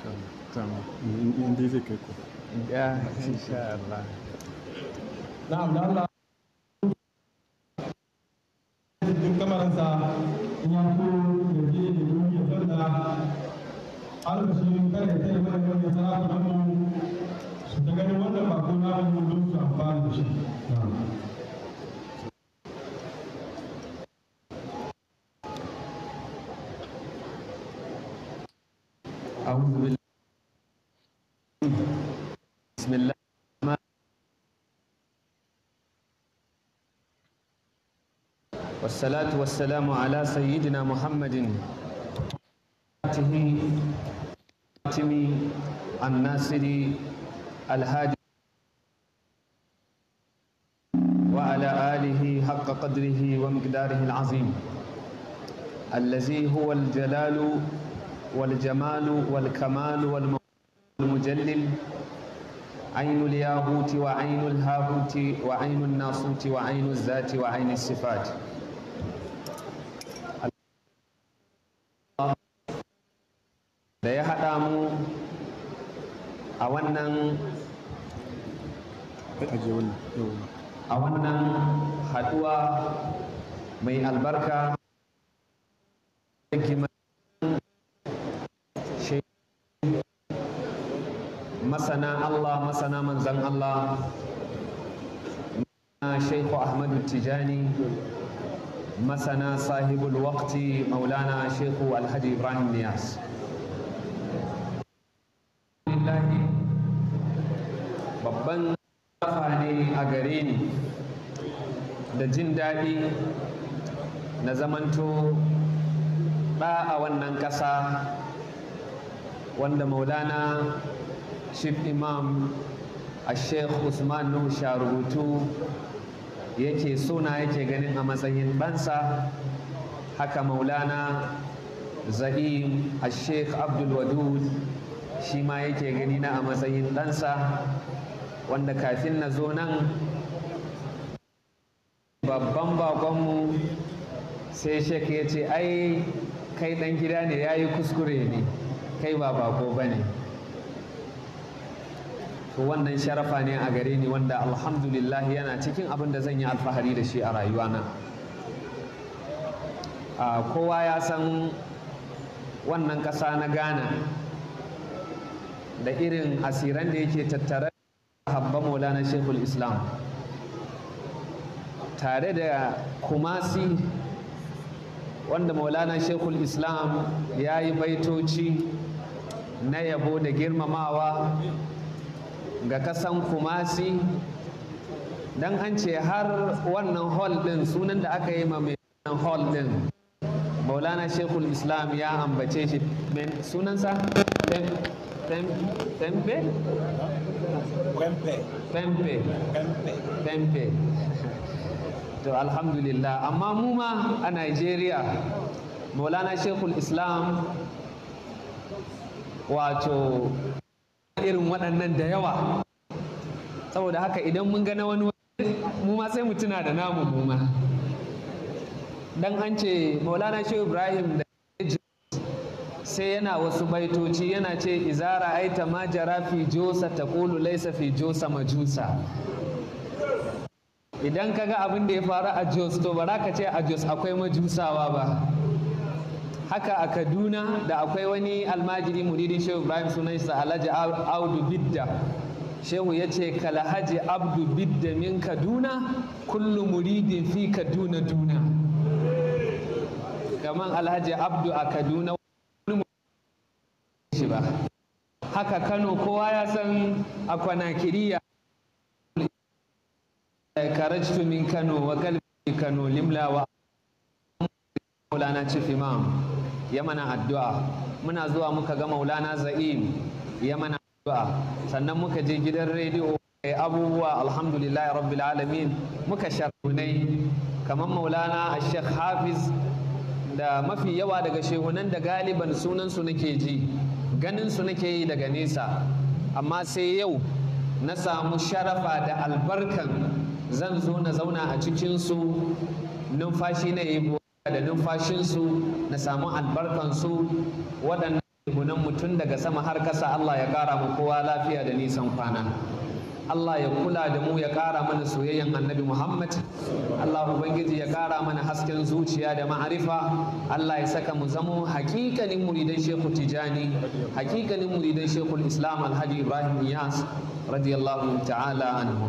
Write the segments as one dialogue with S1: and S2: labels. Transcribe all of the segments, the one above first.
S1: insha Allah tamam zai kai ku ya insha Allah na'am
S2: والصلاة والسلام على سيدنا محمد خاتم الناصر الهادي وعلى آله حق قدره ومقداره العظيم الذي هو الجلال والجمال والكمال والمجلل عين الياهوت وعين الهاهوت وعين الناصوت وعين الذات وعين الصفات da ya haɗa mu a wannan a wannan haɗuwa mai albarka masana Allah masana manzan Allah na Sheikhu Ahmadu Tijani masana sahibul waqti maulana Sheikhu Alhaji Ibrahim Niyas. lillahi babban kafa ne a gare ni da jin daɗi na zamanto ɗa a wannan ƙasa wanda maulana chief imam a sheikh usman nuhu rubutu yake suna yake ganin a matsayin ɗansa haka maulana za'im a sheikh shi ma yake gani na a matsayin ɗansa wanda kafin na zo nan babban bakonmu sai shek ya ce ai kai ɗan gida ne ya yi kuskure ne kai ba bako ba ne to wannan sharafa ne a gare ni wanda alhamdulillah yana cikin abin da zan yi alfahari da shi a rayuwana kowa ya san wannan ƙasa na ghana da irin asiran da yake tattare habba maulana shekul islam tare da kumasi wanda maulana shekul islam ya yi baitoci na yabo da girmamawa ga kasan kumasi don an ce har wannan hall din sunan da aka yi ma mai hall din maulana shekul islam ya ambace shi sunansa eh, Pempe? Pempe. Pempe. Pempe. Pempe. To alhamdulillah amma muma a Najeriya Maulana Shekul Islam wato irin waɗannan da yawa saboda haka idan mun gana wani wani muma sai mu tuna da namu muma ma dan an ce Maulana Shehu Ibrahim da sai yana wasu baitoci yana ce izara aita ma jara fi josa ta kulu laisa fi josa majusa idan ka ga abin da ya faru a jos to ba ka ce a jos akwai majusawa ba haka a kaduna da akwai wani almajiri muridin shehu ibrahim sa alhaji audu bidda shehu ya ce kalahaji abdu bidda min kaduna kullu muridin fi kaduna duna kaman alhaji abdu a kaduna shi ba haka kano kowa ya san a kwanakiriya karajtu min kano wa kalbi kano limla wa maulana imam ya mana addu'a muna zuwa muka ga maulana za'im ya mana addu'a sannan muka je gidan rediyo eh, abubuwa alhamdulillah rabbil alamin muka sharhunai kamar maulana ashek hafiz da mafi yawa daga shehunan da galiban sunansu nake ji ganin su nake yi daga nesa amma sai yau na samu sharafa da albarkan zan zo na zauna a cikinsu numfashi na yi da numfashinsu na samu albarkansu waɗannan gunan mutum daga sama har ƙasa Allah ya ƙara mu kowa lafiya da nisan kwana. Allah ya kula da mu ya ƙara mana soyayyan annabi Muhammad Allah ubangiji ya ƙara mana hasken zuciya da ma'arifa Allah ya saka mu zamo hakikanin muridan Shehu Tijani hakikanin muridan Shekul Islam Alhaji Ibrahim Iyas radiyallahu ta'ala anhu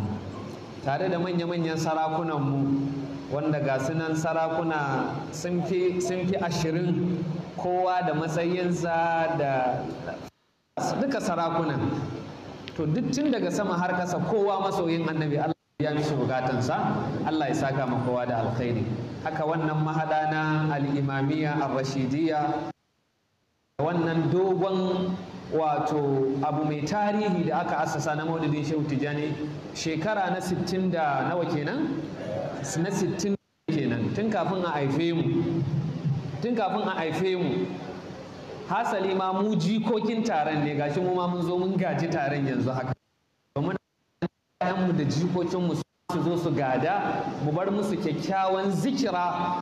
S2: tare da manya-manyan sarakunan mu wanda ga sunan sarakuna sun fi ashirin kowa da matsayinsa da duka sarakuna to duk tun daga sama har kasa kowa masoyin annabi Allah ya mishi bukatansa Allah ya saka ma kowa da alkhairi haka wannan mahada na al-imamiyya ar-rashidiyya wannan dogon wato abu mai tarihi da aka asasa na maudidin shehu tijani shekara na 60 da nawa kenan na 60 kenan tun kafin a haife mu tun kafin a haife mu hasali ma mu jikokin taron ne gashi mu ma mun zo mun gaji taron yanzu haka domin mu da jikokinmu su zo su gada mu bar musu kyakkyawan zikira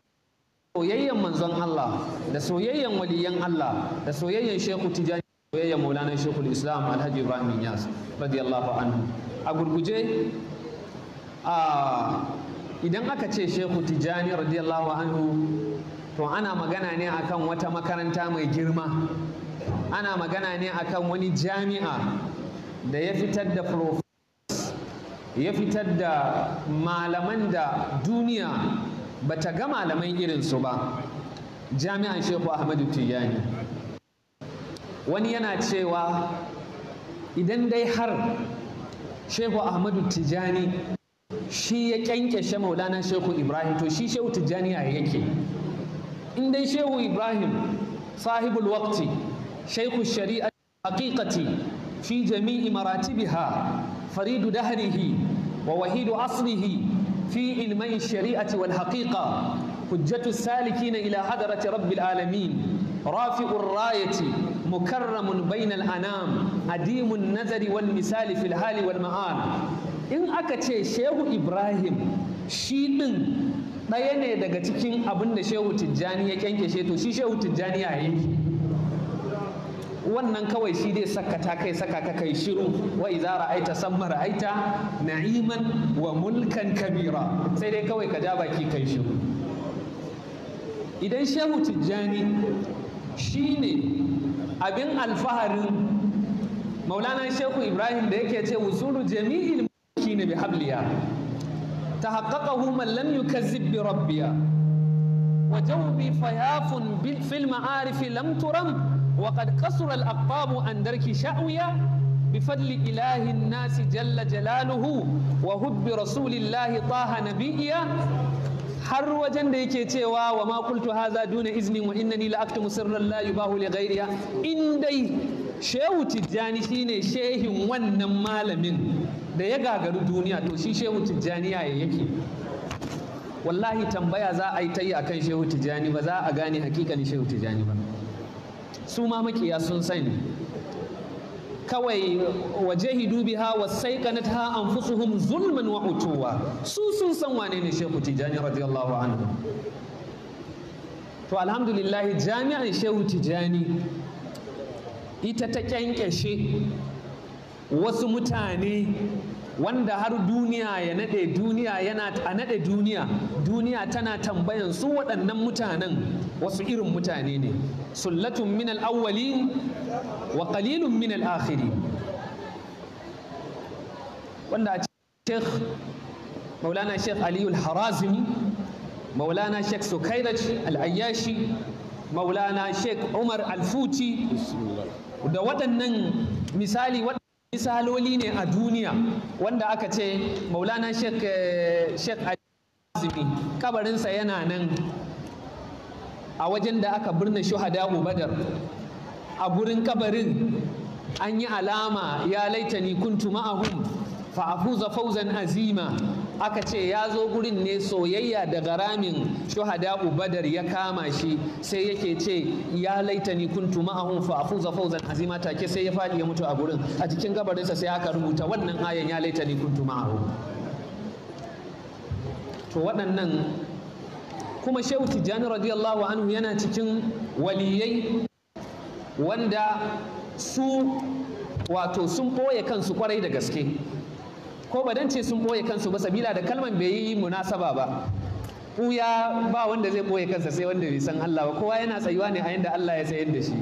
S2: soyayyen manzon Allah da soyayyen waliyan Allah da soyayyen Sheikh Tijani soyayyen Maulana Shekul Islam Alhaji Ibrahim Yas radiyallahu anhu a gurguje a idan aka ce Shehu Tijani radiyallahu anhu to ana magana ne akan wata makaranta mai girma ana magana ne akan wani jami'a da ya fitar da ya fitar da malaman da duniya ba ta ga malaman su ba jami'an shehu ahmadu tijani wani yana cewa idan dai har shehu ahmadu tijani shi ya kyankyashe maulana shehu ibrahim to shi shehu tijani yake in dai shehu ibrahim sahibul waqti shaikhu shari'a haqiqati fi jami'i maratibiha faridu dahrihi wa wahidu asrihi fi ilmai shari'ati wal haqiqa hujjatu salikina ila rafi'un rabbil alamin rafi'ur rayati مكرم بين الأنام misali filhali wal ma'an. In aka ce Shehu Ibrahim shi ɗin. ɗaya ne daga cikin abin da shehu tijjani ya kyankyashe to shi shehu tijjani ya yi wannan kawai shi dai sakata kai saka ka kai shiru wa idza ra'aita samma ra'aita na'iman wa mulkan kabira sai dai kawai ka ja baki kai shiru idan shehu tijjani shine abin alfaharin maulana shehu ibrahim da yake ce wuzuru jami'il mulki ne bi habliya تحققه من لم يكذب بربيا وجوبي فياف في المعارف لم ترم وقد كسر الأقطاب عن درك شاويا بفضل إله الناس جل جلاله وهب رسول الله طه نبيا har wajen da yake cewa wa ma kultu haza duna izni wa innani la aktumu sirran la yubahu li ghayriha in dai shehu tijjani shine shehin wannan malamin da ya gagaru duniya to shi shehu tijjani ya yake wallahi tambaya za a yi ta yi akan shehu tijjani ba za a gane hakikanin shehu tijjani ba su ma makiya sun sani kawai wajahidu biha wasaiqanatha anfusuhum zulman wa utuwa su sun san wane ne Shehu Tijani radiyallahu anhu to alhamdulillah jami'an Shehu Tijani ita ta kyankyashe wasu mutane wanda har duniya ya nade duniya yana a naɗe duniya duniya tana tambayan su waɗannan mutanen wasu irin mutane ne sullatun min al'awwali wa qalilun min al'akhiri wanda a sheikh maulana sheikh aliyu al-harazimi maulana sheikh sukairaj al-ayyashi maulana sheikh umar al-futi da waɗannan misali misaloli ne a duniya wanda aka ce maulana sheikh eh, azumi kabarinsa yana nan a wajen da aka birnin shuhada badar a gurin kabarin an yi alama ya laitani kuntu ma'ahum fa fauzan azima aka ce ya zo gurin ne soyayya daga ramin shuhada ubadar ya kama shi sai yake ce ya laitani kuntu ma'ahum fa afuza fawzan azima take sai ya faɗi ya mutu a gurin a cikin gabarinsa sai aka rubuta wannan ayan ya ni kuntu ma'ahum to waɗannan kuma shehu tijjani radiyallahu anhu yana cikin waliyai wanda su wato sun ɓoye kansu kwarai da gaske ko ba dan ce sun ɓoye kansu ba sabila da kalman bai yi munasaba ba ɓuya ba wanda zai ɓoye kansa sai wanda bai san Allah ba kowa yana tsayuwa ne a yanda Allah ya tsayar da shi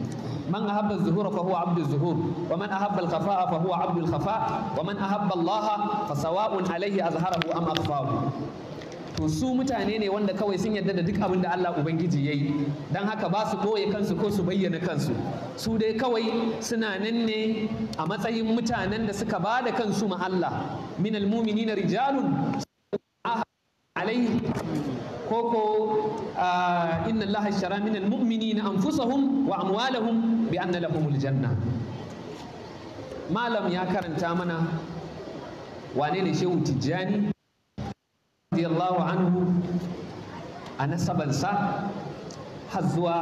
S2: من أحب الظهور فهو عبد الظهور ومن أحب الخفاء فهو عبد الخفاء ومن أحب الله فسواء عليه أظهره أم أخفاه to su mutane ne wanda kawai sun yarda da duk abin da Allah Ubangiji ya yi don haka ba su ɓoye kansu ko su bayyana kansu su dai kawai suna nan ne a matsayin mutanen da suka ba da kansu ma Allah min almumini na rijalun koko inna Allah shara min almumini na anfusahum wa amwalahum bi anna lahumul janna malam ya karanta mana wane ne shehu tijjani radiyallahu anhu a nasabansa har zuwa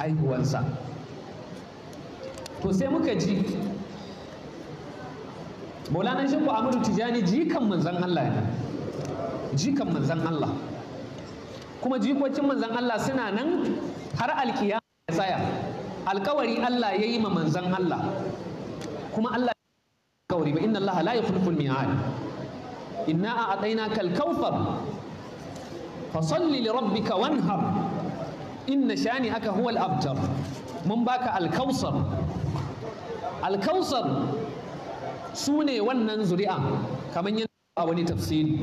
S2: aihuwansa to sai muka ji maulana shekku amadu tijani jikan manzan allah ne jikan manzan allah kuma jikokin manzan allah suna nan har alkiyama ya tsaya alkawari allah ya yi ma manzan allah kuma allah ya alkawari ba inna allah la yukhlifu al-mi'ad inna a adaina kalkaufar fasalli li rabbika wanhar inna shani aka huwa al'abtar mun baka alkausar alkausar su ne wannan zuri'a kamar yin a wani tafsiri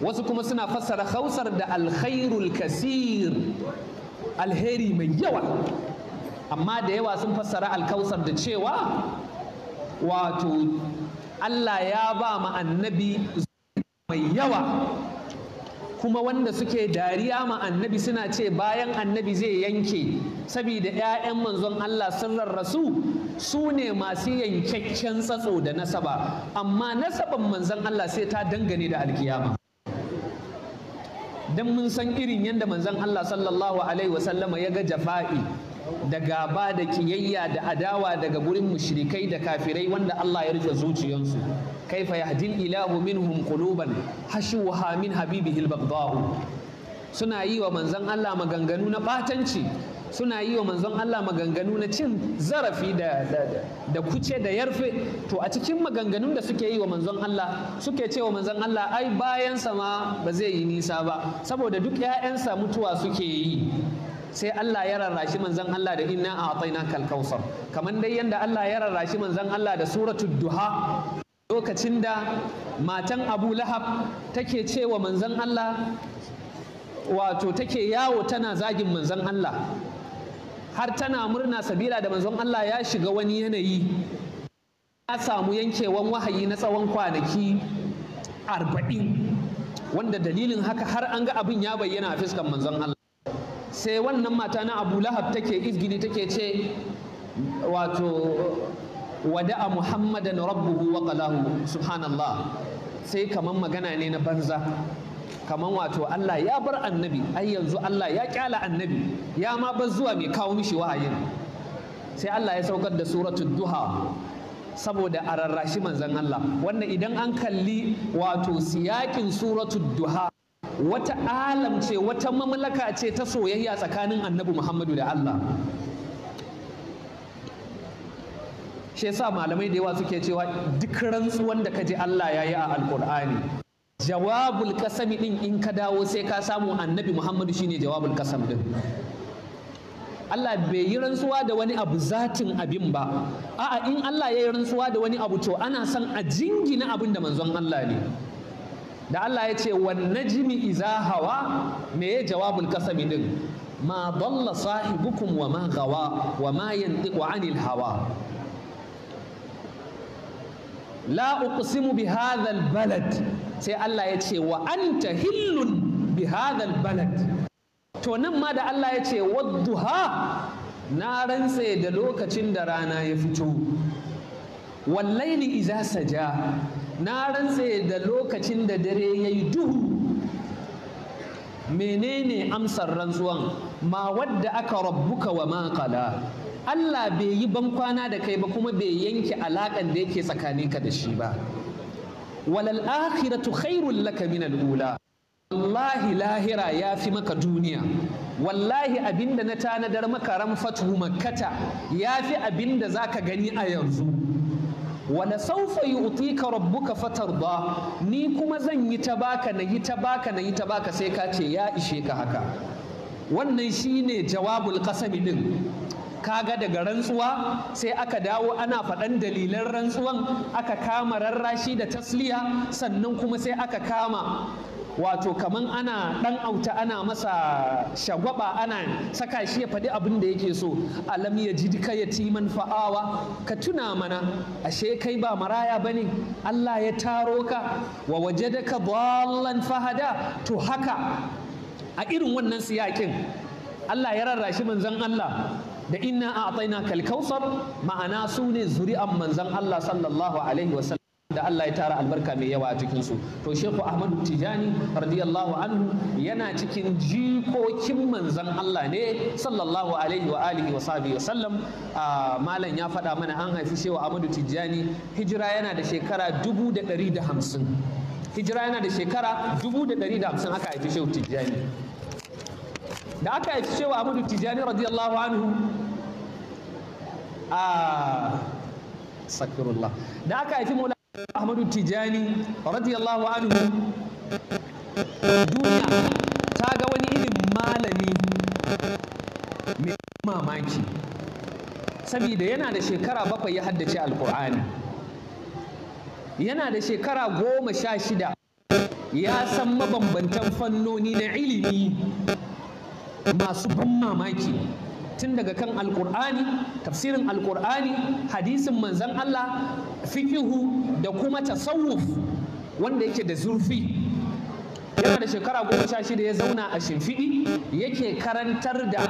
S2: wasu kuma suna fassara kausar da alkhairul kasir alheri mai yawa amma da yawa sun fassara alkausar da cewa wato Allah ya ba ma annabi mai yawa kuma wanda suke dariya ma annabi suna ce bayan annabi zai yanke saboda 'ya'yan manzon Allah sun rarrasu su ne masu yankakken tsatso da nasaba amma nasaban manzon Allah sai ta dangane da alkiyama dan mun san irin yadda manzon Allah sallallahu alaihi wasallama ya ga jafa'i da gaba da kiyayya da adawa daga gurin mushrikai da kafirai wanda Allah ya rufe zuciyansu kaifa yahdil ilahu minhum quluban hashuha min habibihil baghdahu suna yi wa manzon Allah maganganu na batanci suna yi wa manzon Allah maganganu na cin zarafi da, da, kuce da yarfe to a cikin maganganun da suke yi wa manzon Allah suke ce wa manzon Allah ai bayansa ma ba zai yi nisa ba saboda duk 'ya'yansa mutuwa suke yi sai Allah ya rarrashi manzon Allah da inna a'tayna kal kausar kaman dai yanda Allah ya rarrashi manzon Allah da suratul duha lokacin da matan Abu Lahab take cewa manzon Allah wato take yawo tana zagin manzon Allah har tana murna sabila da manzon Allah ya shiga wani yanayi ya samu yankewan wahayi na tsawon kwanaki arba'in wanda dalilin haka har an ga abin ya bayyana a fiskan manzon Allah sai wannan mata na abu lahab take izgili take ce wato wada'a muhammadan rabbuhu wa qalahu subhanallah sai kaman magana ne na banza kaman wato Allah ya bar annabi ai yanzu Allah ya kyala annabi ya ma bar zuwa mai kawo mishi wahayin sai Allah ya saukar da suratu duha saboda a rarrashi manzon Allah Wanda idan an kalli wato siyakin suratu duha wata alam ce wata mamlaka ce ta soyayya tsakanin annabi muhammadu da allah shi yasa malamai da yawa suke cewa duk rantsuwan da ka ji allah ya yi a alkur'ani jawabul kasami din in ka dawo sai ka samu annabi muhammadu shine jawabul kasam din Allah bai yi rantsuwa da wani abu zatin abin ba a'a in Allah ya yi rantsuwa da wani abu to ana son a jingina abin da manzon Allah ne da Allah ya ce wan najmi iza hawa me ya jawabul kasami din ma dalla sahibukum wa ma gawa wa ma yantiqu anil hawa la uqsimu bi hadha balad sai Allah ya ce wa anta hillun bi hadha balad to nan ma da Allah ya ce wadduha na rantse da lokacin da rana ya fito wallaili iza saja na rantse da lokacin da dare ya yi duhu menene amsar rantsuwan ma wadda aka rabbuka wa makala Allah bai yi bankwana da kai ba kuma bai yanke alaƙan da yake tsakaninka da shi ba walal akhiratu khairul laka min al wallahi lahira ya fi maka duniya wallahi abinda na tanadar maka ran fatu makkata ya fi abinda zaka gani a yanzu wala saufa yu'tika rabbuka fatarda ni kuma zan yi ta baka na yi ta baka na yi ta baka sai ka ce ya ishe ka haka wannan shine jawabul qasami din kaga daga rantsuwa sai aka dawo ana faɗan dalilan rantsuwan aka kama rarrashi da tasliya sannan kuma sai aka kama wato kaman ana dan auta ana masa shagwaba ana saka shi ya faɗi abin da yake so alam ya ji duka ya timan fa'awa ka tuna mana ashe kai ba maraya ba ne. Allah ya taro ka wa waje da ka ballan fahada to haka a irin wannan siyakin Allah ya rarrashi manzan Allah da inna a al kalkausar, ma'ana sune zuri'an manzan Allah sallallahu alaihi wasallam da Allah ya tara albarka mai yawa a cikin su to Sheikhu Ahmadu Tijani radiyallahu anhu yana cikin jikokin manzon Allah ne sallallahu alaihi wa alihi wa sahbihi wasallam malam ya faɗa mana an haifi Shehu Ahmadu Tijani hijira yana da shekara dubu da ɗari da hamsin hijira yana da shekara dubu da ɗari da hamsin aka haifi Shehu Tijani da aka haifi Shehu Ahmadu Tijani radiyallahu anhu a sakirullah da aka haifi ahmadu tijani radiyallahu anhu duniya ta ga wani irin malami mai mamaki saboda yana da shekara bakwai ya haddace alkur'ani yana da shekara goma sha shida ya san mabambantan fannoni na ilimi masu ban mamaki tun daga kan alkur'ani tafsirin alkur'ani hadisin manzan Allah fikihu da kuma tasawuf wanda yake da zurfi yana da shekara goma sha shida ya zauna a shimfiɗi yake karantar da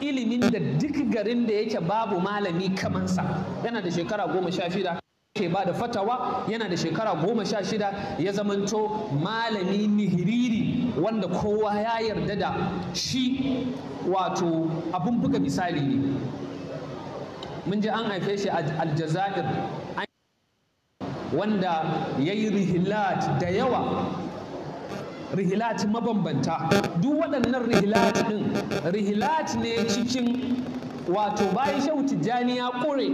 S2: ilimin da duk garin da yake babu malami kamansa yana da shekara goma sha shida ke ba da fatawa yana da shekara goma sha shida ya zamanto malami nihiriri wanda kowa ya yarda da shi wato abun buga misali ne mun ji an haife shi a aljazair wanda ya yi rihilat da yawa rihilat mabambanta duk waɗannan rihilat ɗin rihilat ne cikin wato bayan shehu tijjani ya kore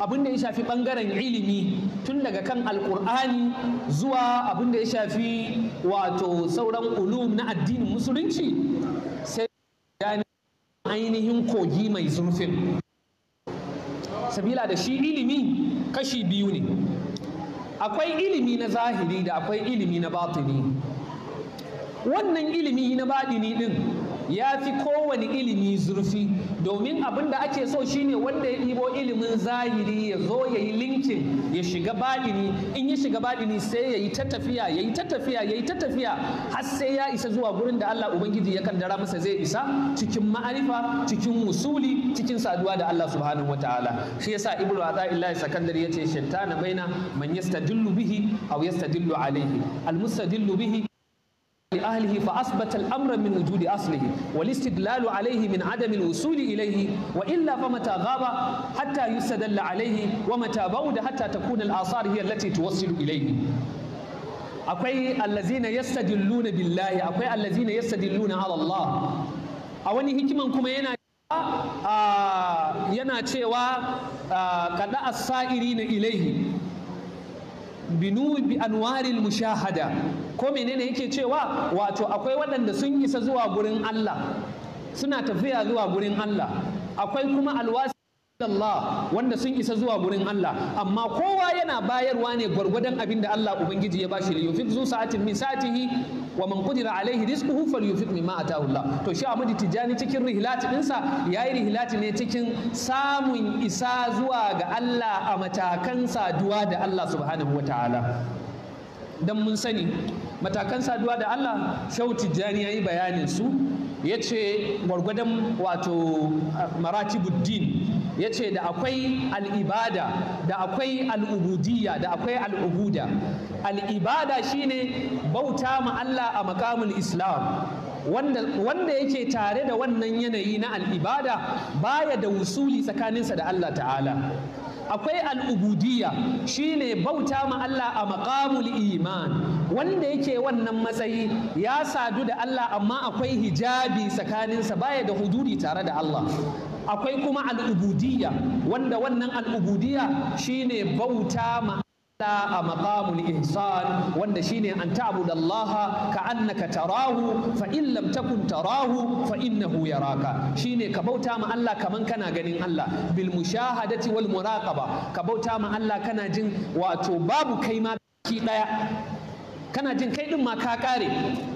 S2: abin ya shafi bangaren ilimi tun daga kan alkur'ani zuwa abin ya shafi wato sauran ulum na addinin musulunci sai ainihin kogi mai zurfin sabila da shi ilimi kashi biyu ne akwai ilimi na zahiri da akwai ilimi na batini wannan ilimi na batini din ya fi kowane ilimi zurfi domin abin da ake so shine wanda ya ɗibo ilimin zahiri ya zo ya yi linkin ya shiga baɗini in ya shiga baɗini sai ya yi ta tafiya ya yi ta tafiya ya yi ta tafiya har sai ya isa zuwa gurin da Allah Ubangiji ya kaddara masa zai isa cikin ma'arifa cikin musuli cikin saduwa da Allah subhanahu wataala shi yasa Ibnu Athaillah Sakandari yace shaitana baina man yastadillu bihi aw yastadillu alayhi al bihi لأهله فأثبت الأمر من وجود أصله والاستدلال عليه من عدم الوصول إليه وإلا فمتى غاب حتى يستدل عليه ومتى بود حتى تكون الآثار هي التي توصل إليه أكوي الذين يستدلون بالله أكوي الذين يستدلون على الله أولي هكما كما ينا آه ينا تشيوا آه قد السائرين إليه binu bi anwaril mushahada ko menene yake cewa wato akwai waɗanda sun isa zuwa gurin Allah suna tafiya zuwa gurin Allah akwai kuma alwasi Allah wanda sun isa zuwa wurin Allah amma kowa yana bayarwa ne gwargwadon abinda da Allah ubangiji ya bashi li yufid zu sa'atin min sa'atihi wa man qudira alaihi rizquhu falyufiq mimma ataahu Allah to shi Amadu Tijani cikin rihlati dinsa yayi rihlati ne cikin samun isa zuwa ga Allah a matakan saduwa da Allah subhanahu wataala dan mun sani matakan saduwa da Allah Tijjani Tijani yayi bayanin su yace gwargwadon wato ah, maratibuddin ya ce da akwai al'ibada da akwai al'ubudiyya da akwai al'ubuda al'ibada shine bauta ma Allah a makamul islam wanda yake tare da wannan yanayi na al'ibada baya da wusuli tsakaninsa da Allah ta'ala akwai al'ubudiyya shine bauta ma Allah a maqamul iman wanda yake wannan matsayi ya sadu da Allah amma akwai hijabi tsakaninsa baya da hududi tare da Allah akwai kuma al'ubudiyya wanda wannan al'ubudiyya shine bauta ma a maqamul ihsan wanda shine an ta'budu Allah ka annaka tarahu fa in lam takun tarahu fa innahu yaraka shine ka bauta ma Allah kaman kana ganin Allah bil mushahadati wal muraqaba ka bauta ma Allah kana jin wato babu kai ma ki daya kana jin kai din ma ka kare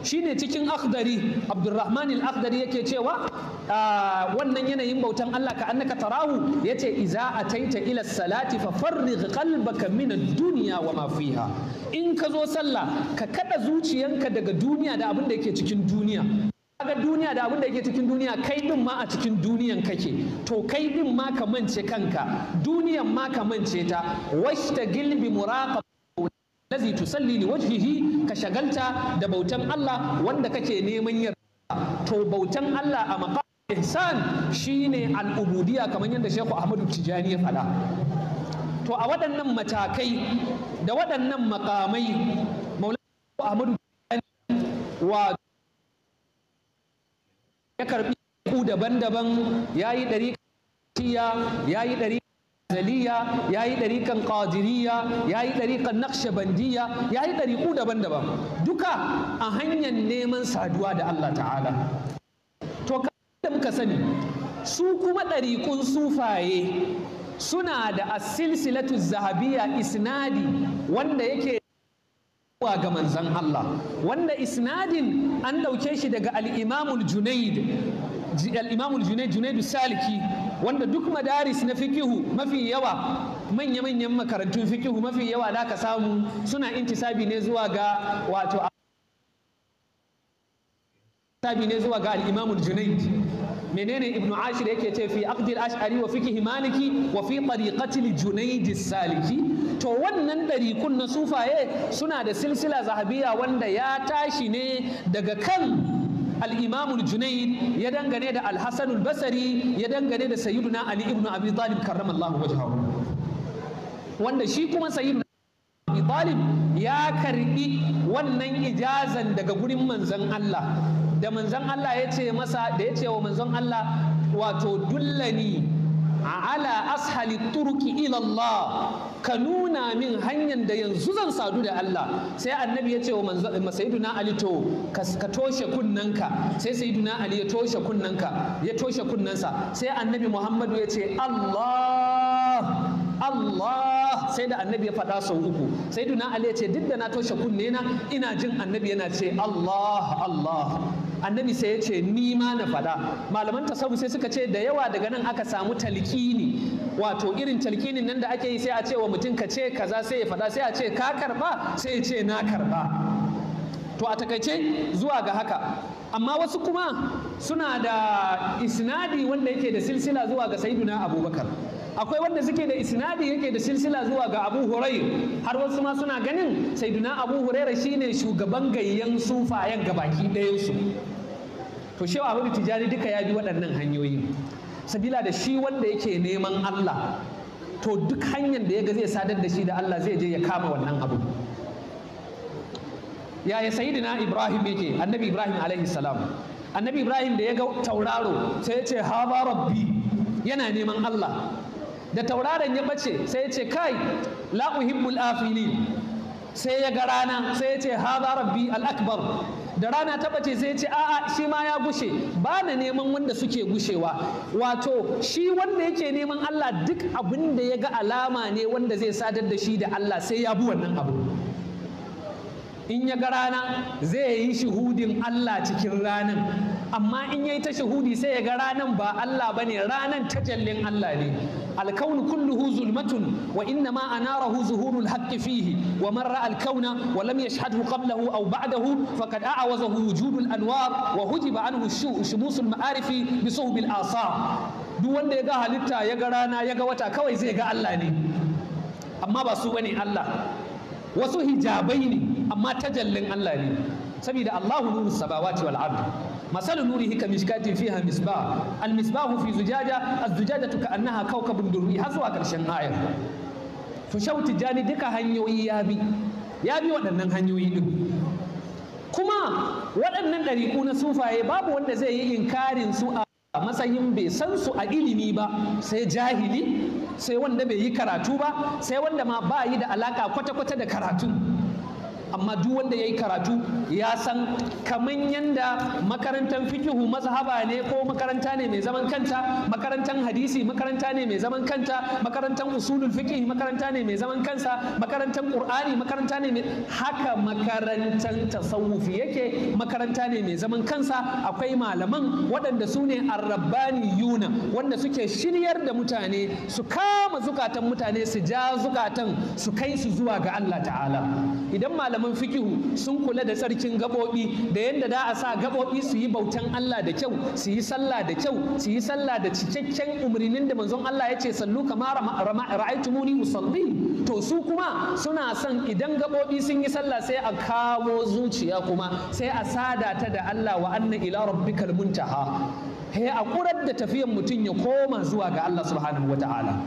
S2: shine cikin akhdari abdurrahman al-akhdari yake cewa ah, wannan yanayin bautan Allah ka annaka tarahu yace iza ataita ila salati fa farrig qalbaka min ad-dunya wa ma fiha in ka zo sallah ka kada zuciyanka daga duniya da abin da yake cikin duniya kaga duniya da abin da yake cikin duniya kai din ma a cikin duniyan kake to kai din ma ka mance kanka duniyan ma ka mance ta washtagil bi muraqab lazi tusalli li wajhihi ka shagalta da bautan Allah wanda kake neman yarda to bautan Allah a maqam ihsan shine al'ubudiyya kamar yadda Sheikh Ahmadu Tijani ya faɗa to a waɗannan matakai da waɗannan makamai Maulana Ahmadu Tijani wa ya karbi daban-daban yayi ɗari ya yi ɗari ashariya ya yi ɗariƙan ƙadiriya ya yi ɗariƙan naqshbandiya ya yi ɗariƙu daban-daban duka a hanyar neman saduwa da Allah ta'ala to da muka sani su kuma ɗariƙun sufaye suna da asilsilatu zahabiya isnadi wanda yake zuwa ga manzan Allah wanda isnadin an ɗauke shi daga al-imamul junaid al-imamul junaid junaidu saliki wanda duk madaris na fikihu mafi yawa manya-manyan makarantun fikihu mafi yawa da ka samu suna intisabi ne zuwa ga wato sabi ne zuwa ga al junaid menene ibn ashir yake ce fi aqdil ash'ari wa fiqh maliki wa fi tariqati junayd saliki to wannan ɗarikun na sufaye suna da silsila zahabiya wanda ya tashi ne daga kan al-imam junaid ya dangane da al-hasan ya dangane da sayyiduna ali ibn abi talib karramallahu wanda shi kuma sayyiduna abi talib ya karbi wannan ijazan daga gurin manzon Allah da manzon Allah ya ce da ya wa manzon Allah wato dullani ala ashali turki ila Allah ka nuna min hanyar da yanzu zan sadu da Allah sai annabi ya ce wa sayyiduna Ali to ka toshe kunnanka sai sayyiduna Ali ya toshe kunnanka ya toshe kunnansa sai annabi Muhammadu ya ce Allah Allah sai da annabi ya faɗa sau uku sai duna Ali ya ce duk da na toshe kunnena ina jin annabi yana ce Allah Allah annabi sai ya ce ni ma na faɗa malaman tasawuf sai suka ce da yawa daga nan aka samu talkini wato irin talkinin nan da ake yi sai a ce wa mutum ka ce kaza sai ya faɗa sai a ce ka karba sai ya ce na karba to a takaice zuwa ga haka amma wasu kuma suna da isnadi wanda yake da silsila zuwa ga sayyiduna abubakar akwai wanda suke da isnadi yake da silsila zuwa ga abu hurai har wasu ma suna ganin sayyiduna abu huraira shine shugaban gayyan sufayen gabaki su to shi abu tijani duka ya bi waɗannan hanyoyin sabila da shi wanda yake neman allah to duk hanyar da ya ga zai sadar da shi da allah zai je ya kama wannan abu yaya sayyidina ibrahim yake annabi ibrahim alaihi salam annabi ibrahim da ya ga tauraro sai ya ce ba rabbi yana neman allah da tauraron ya bace sai ya ce kai la uhibbul sai ya ga rana sai ya ce ba rabbi al-akbar da rana ta bace sai ya ce a'a shi ma ya gushe ba na neman wanda suke gushewa wato shi wanda yake neman Allah duk abin da ya ga alama ne wanda zai sadar da shi da Allah sai ya bi wannan abu in ya ga rana zai yi shuhudin Allah cikin ranan amma in yayi ta shuhudi sai ya ga ranan ba Allah bane ranan tajallin Allah ne الكون كله ظلمة وإنما أناره ظهور الحق فيه ومن رأى الكون ولم يشهده قبله أو بعده فقد أعوزه وجود الأنوار وهجب عنه شموس المعارف بصهب الآثار duk wanda ya ga halitta ya ga rana ya ga wata kawai zai ga Allah ne amma ba su Allah wasu hijabai ne amma tajallin Allah ne saboda Allahu nuru samawati wal ard مثل نوره كمشكاة فيها مصباح المصباح في زجاجة الزجاجة كأنها har zuwa karshen كرشن آية fushau tijjani duka hanyoyi ya bi ya bi waɗannan hanyoyi ɗin kuma waɗannan ɗariƙu na sufaye babu wanda zai yi inkarin su a a matsayin bai san su a ilimi ba sai jahili sai wanda bai yi karatu ba sai wanda ma ba yi da alaka kwata-kwata da karatu amma duk wanda ya yi karatu ya san kaman yanda makarantar fikihu mazhaba ne ko makaranta ne mai zaman kanta makarantar hadisi makaranta ne mai zaman kanta makarantar usulul fiqh makaranta ne mai zaman kansa makarantar qur'ani makaranta ne mai haka makarantar tasawufi yake makaranta ne mai zaman kansa akwai malaman waɗanda su ne yuna wanda suke shiryar da mutane su kama zukatan mutane su ja zukatan su kai su zuwa ga Allah ta'ala idan malaman malamin fikihu sun kula da tsarkin gabobi da yadda da a sa gabobi su yi bautan Allah da kyau su yi sallah da kyau su yi sallah da cikakken umarnin da manzon Allah ya ce sallu kama ra'aytumuni usalli to su kuma suna son idan gabobi sun yi sallah sai a kawo zuciya kuma sai a sada ta da Allah wa anna ila rabbikal muntaha he a kurar da tafiyan mutum ya koma zuwa ga Allah subhanahu wataala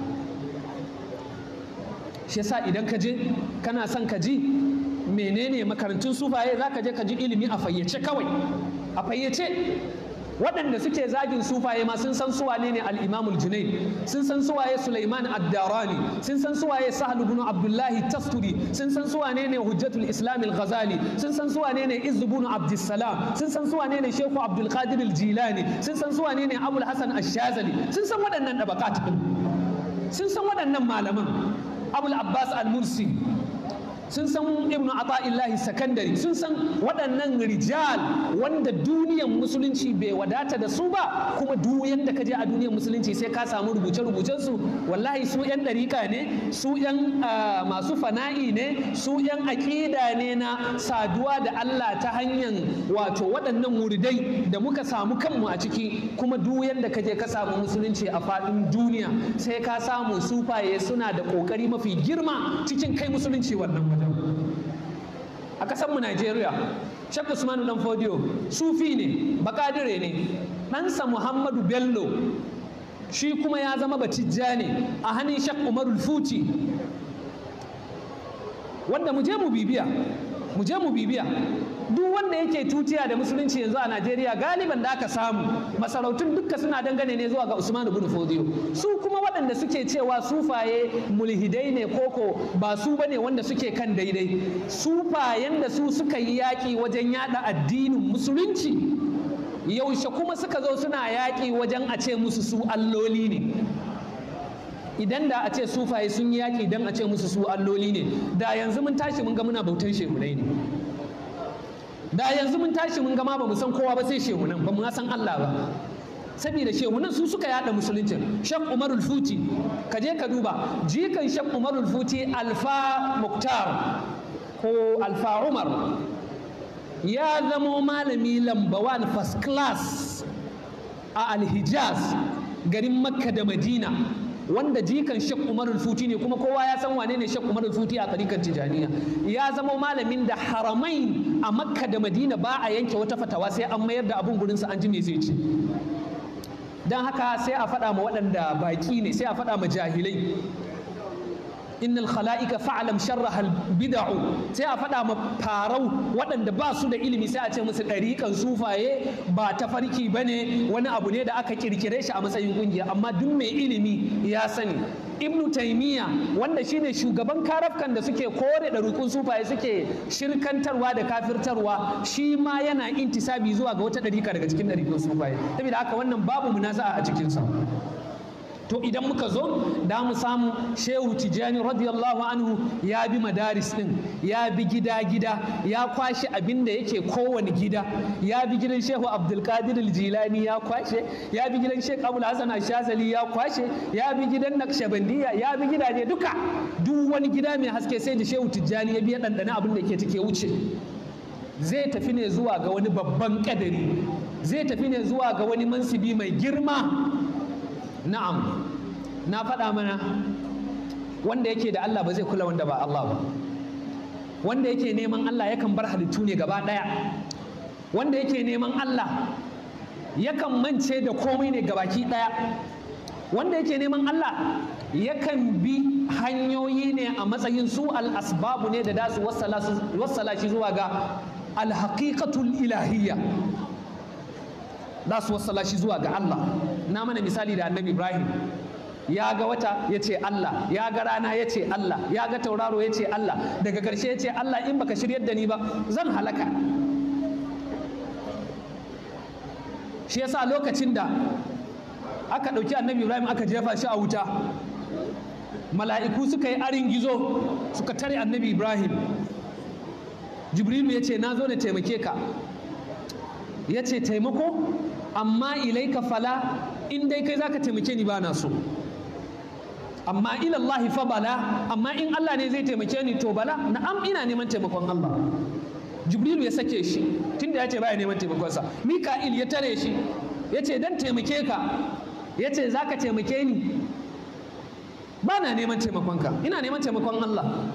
S2: shi yasa idan ka je kana son ka ji menene makarantun sufaye za ka je ka ji ilimi a fayyace kawai a fayyace waɗanda suke zagin sufaye ma sun san suwaye ne al-imamul junaid sun san suwaye sulaiman ad-darani sun san suwaye sahal ibn abdullahi tasturi sun san suwaye ne hujjatul islam al-ghazali sun san suwaye ne izz ibn abdussalam sun san suwaye ne shehu abdul qadir al-jilani sun san suwaye ne abul hasan ash-shazali sun san waɗannan dabaqat sun san waɗannan malaman abul abbas al-mursi sun san ibnu ata'illahi sakandari sun san waɗannan rijal wanda duniyan musulunci bai wadata da su ba kuma duk da ka je a duniyar musulunci sai ka samu rubuce rubucen su wallahi su yan ɗarika ne su yan masu fana'i ne su yan aƙida ne na saduwa da Allah ta hanyar wato waɗannan muridai da muka samu kanmu a ciki kuma duk da ka je ka samu musulunci a faɗin duniya sai ka samu sufaye suna da ƙoƙari mafi girma cikin kai musulunci wannan wajen a ƙasarmu Najeriya Sheikh Usman Dan Fodiyo sufi ne bakadire ne ɗansa Muhammadu Bello shi kuma ya zama batijja ne a hannun Sheikh Umarul Futi wanda mu je mu bibiya mu je mu bibiya duk wanda yake tutiya da musulunci yanzu a Najeriya galiban da aka samu masarautun duka suna dangane ne zuwa ga Usman ibn Fodiyo su kuma waɗanda suke cewa sufaye mulhidai ne koko ba su bane wanda suke kan daidai sufayen da su suka yi yaƙi wajen yada addinin musulunci yaushe kuma suka zo suna yaƙi wajen a ce musu su alloli ne idan da a ce sufaye sun yi yaƙi don a ce musu su alloli ne da yanzu mun tashi mun ga muna bautan shehulai ne da yanzu mun tashi mun gama ba mu san kowa ba sai Shehu nan ba mu san Allah ba saboda nan su suka yada musulunci shek umarul futi ka je ka duba jikan shek umarul futi alfa muktar ko alfa umar ya zamo malami lambawan first class a alhijaz garin makka da madina wanda jikan shek Umar al-Futi ne kuma kowa ya san wane ne shek Umar al-Futi a tarikan Tijaniya ya zama malamin da haramai a Makka da Madina ba a yanke wata fatawa sai an mayar da abun gurinsa an ji me zai ce don haka sai a faɗa ma waɗanda baki ne sai a faɗa ma jahilai innal khala'ika fa'lam sharraha bid'u sai a faɗa ma farau waɗanda ba su da ilimi sai a ce musu ɗariƙan sufaye ba ta farki bane wani abu ne da aka kirkire shi a matsayin kungiya amma duk mai ilimi ya sani ibnu taimiya wanda shine shugaban karafkan da suke kore da rukun sufaye suke shirkantarwa da kafirtarwa shi ma yana intisabi zuwa ga wata ɗarika daga cikin ɗarikan sufaye saboda haka wannan babu munasa a cikinsa to idan muka zo da mu samu shehu tijjani radiyallahu anhu ya bi madaris din ya bi gida gida ya kwashe abin da yake kowane gida ya bi gidan shehu abdulkadir jilani ya kwashe ya bi gidan shehu abul hasan ashazali ya kwashe ya bi gidan nakshabandiya ya bi gidaje duka duk wani gida mai haske sai da shehu tijjani ya bi ya dandana abin da ke take wuce zai tafi ne zuwa ga wani babban kadari zai tafi ne zuwa ga wani mansibi mai girma na'am na faɗa mana wanda yake da Allah ba zai kula wanda ba Allah ba wanda yake neman Allah yakan bar halittu ne gaba ɗaya wanda yake neman Allah yakan mance da komai ne gabaki ɗaya wanda yake neman Allah yakan bi hanyoyi ne a matsayin su al'asbabu ne da dasu wassala shi zuwa ga al al-haqiqatul ilahiyya za su wasala shi zuwa ga Allah na mana misali da annabi Ibrahim ya ga wata ya ce Allah ya ga rana ya ce Allah ya ga tauraro ya ce Allah daga ƙarshe ya ce Allah in baka shiryar da ni ba zan halaka shi yasa lokacin da aka ɗauki annabi Ibrahim aka jefa shi a wuta mala'iku suka yi arin gizo suka tare annabi Ibrahim Jibrilu ya ce na zo na taimake ka ya ce taimako amma ilai ka fala in dai kai zaka taimake ni ba na so amma ilallahi fa bala amma in Allah ne zai taimake ni to bala am ina neman taimakon Allah Jibrilu ya sake shi tunda ya ce baya neman taimakon sa. Mika'il ya tare shi ya ce dan taimake ka ya ce za ka taimake ni ba na neman ka, ina neman taimakon Allah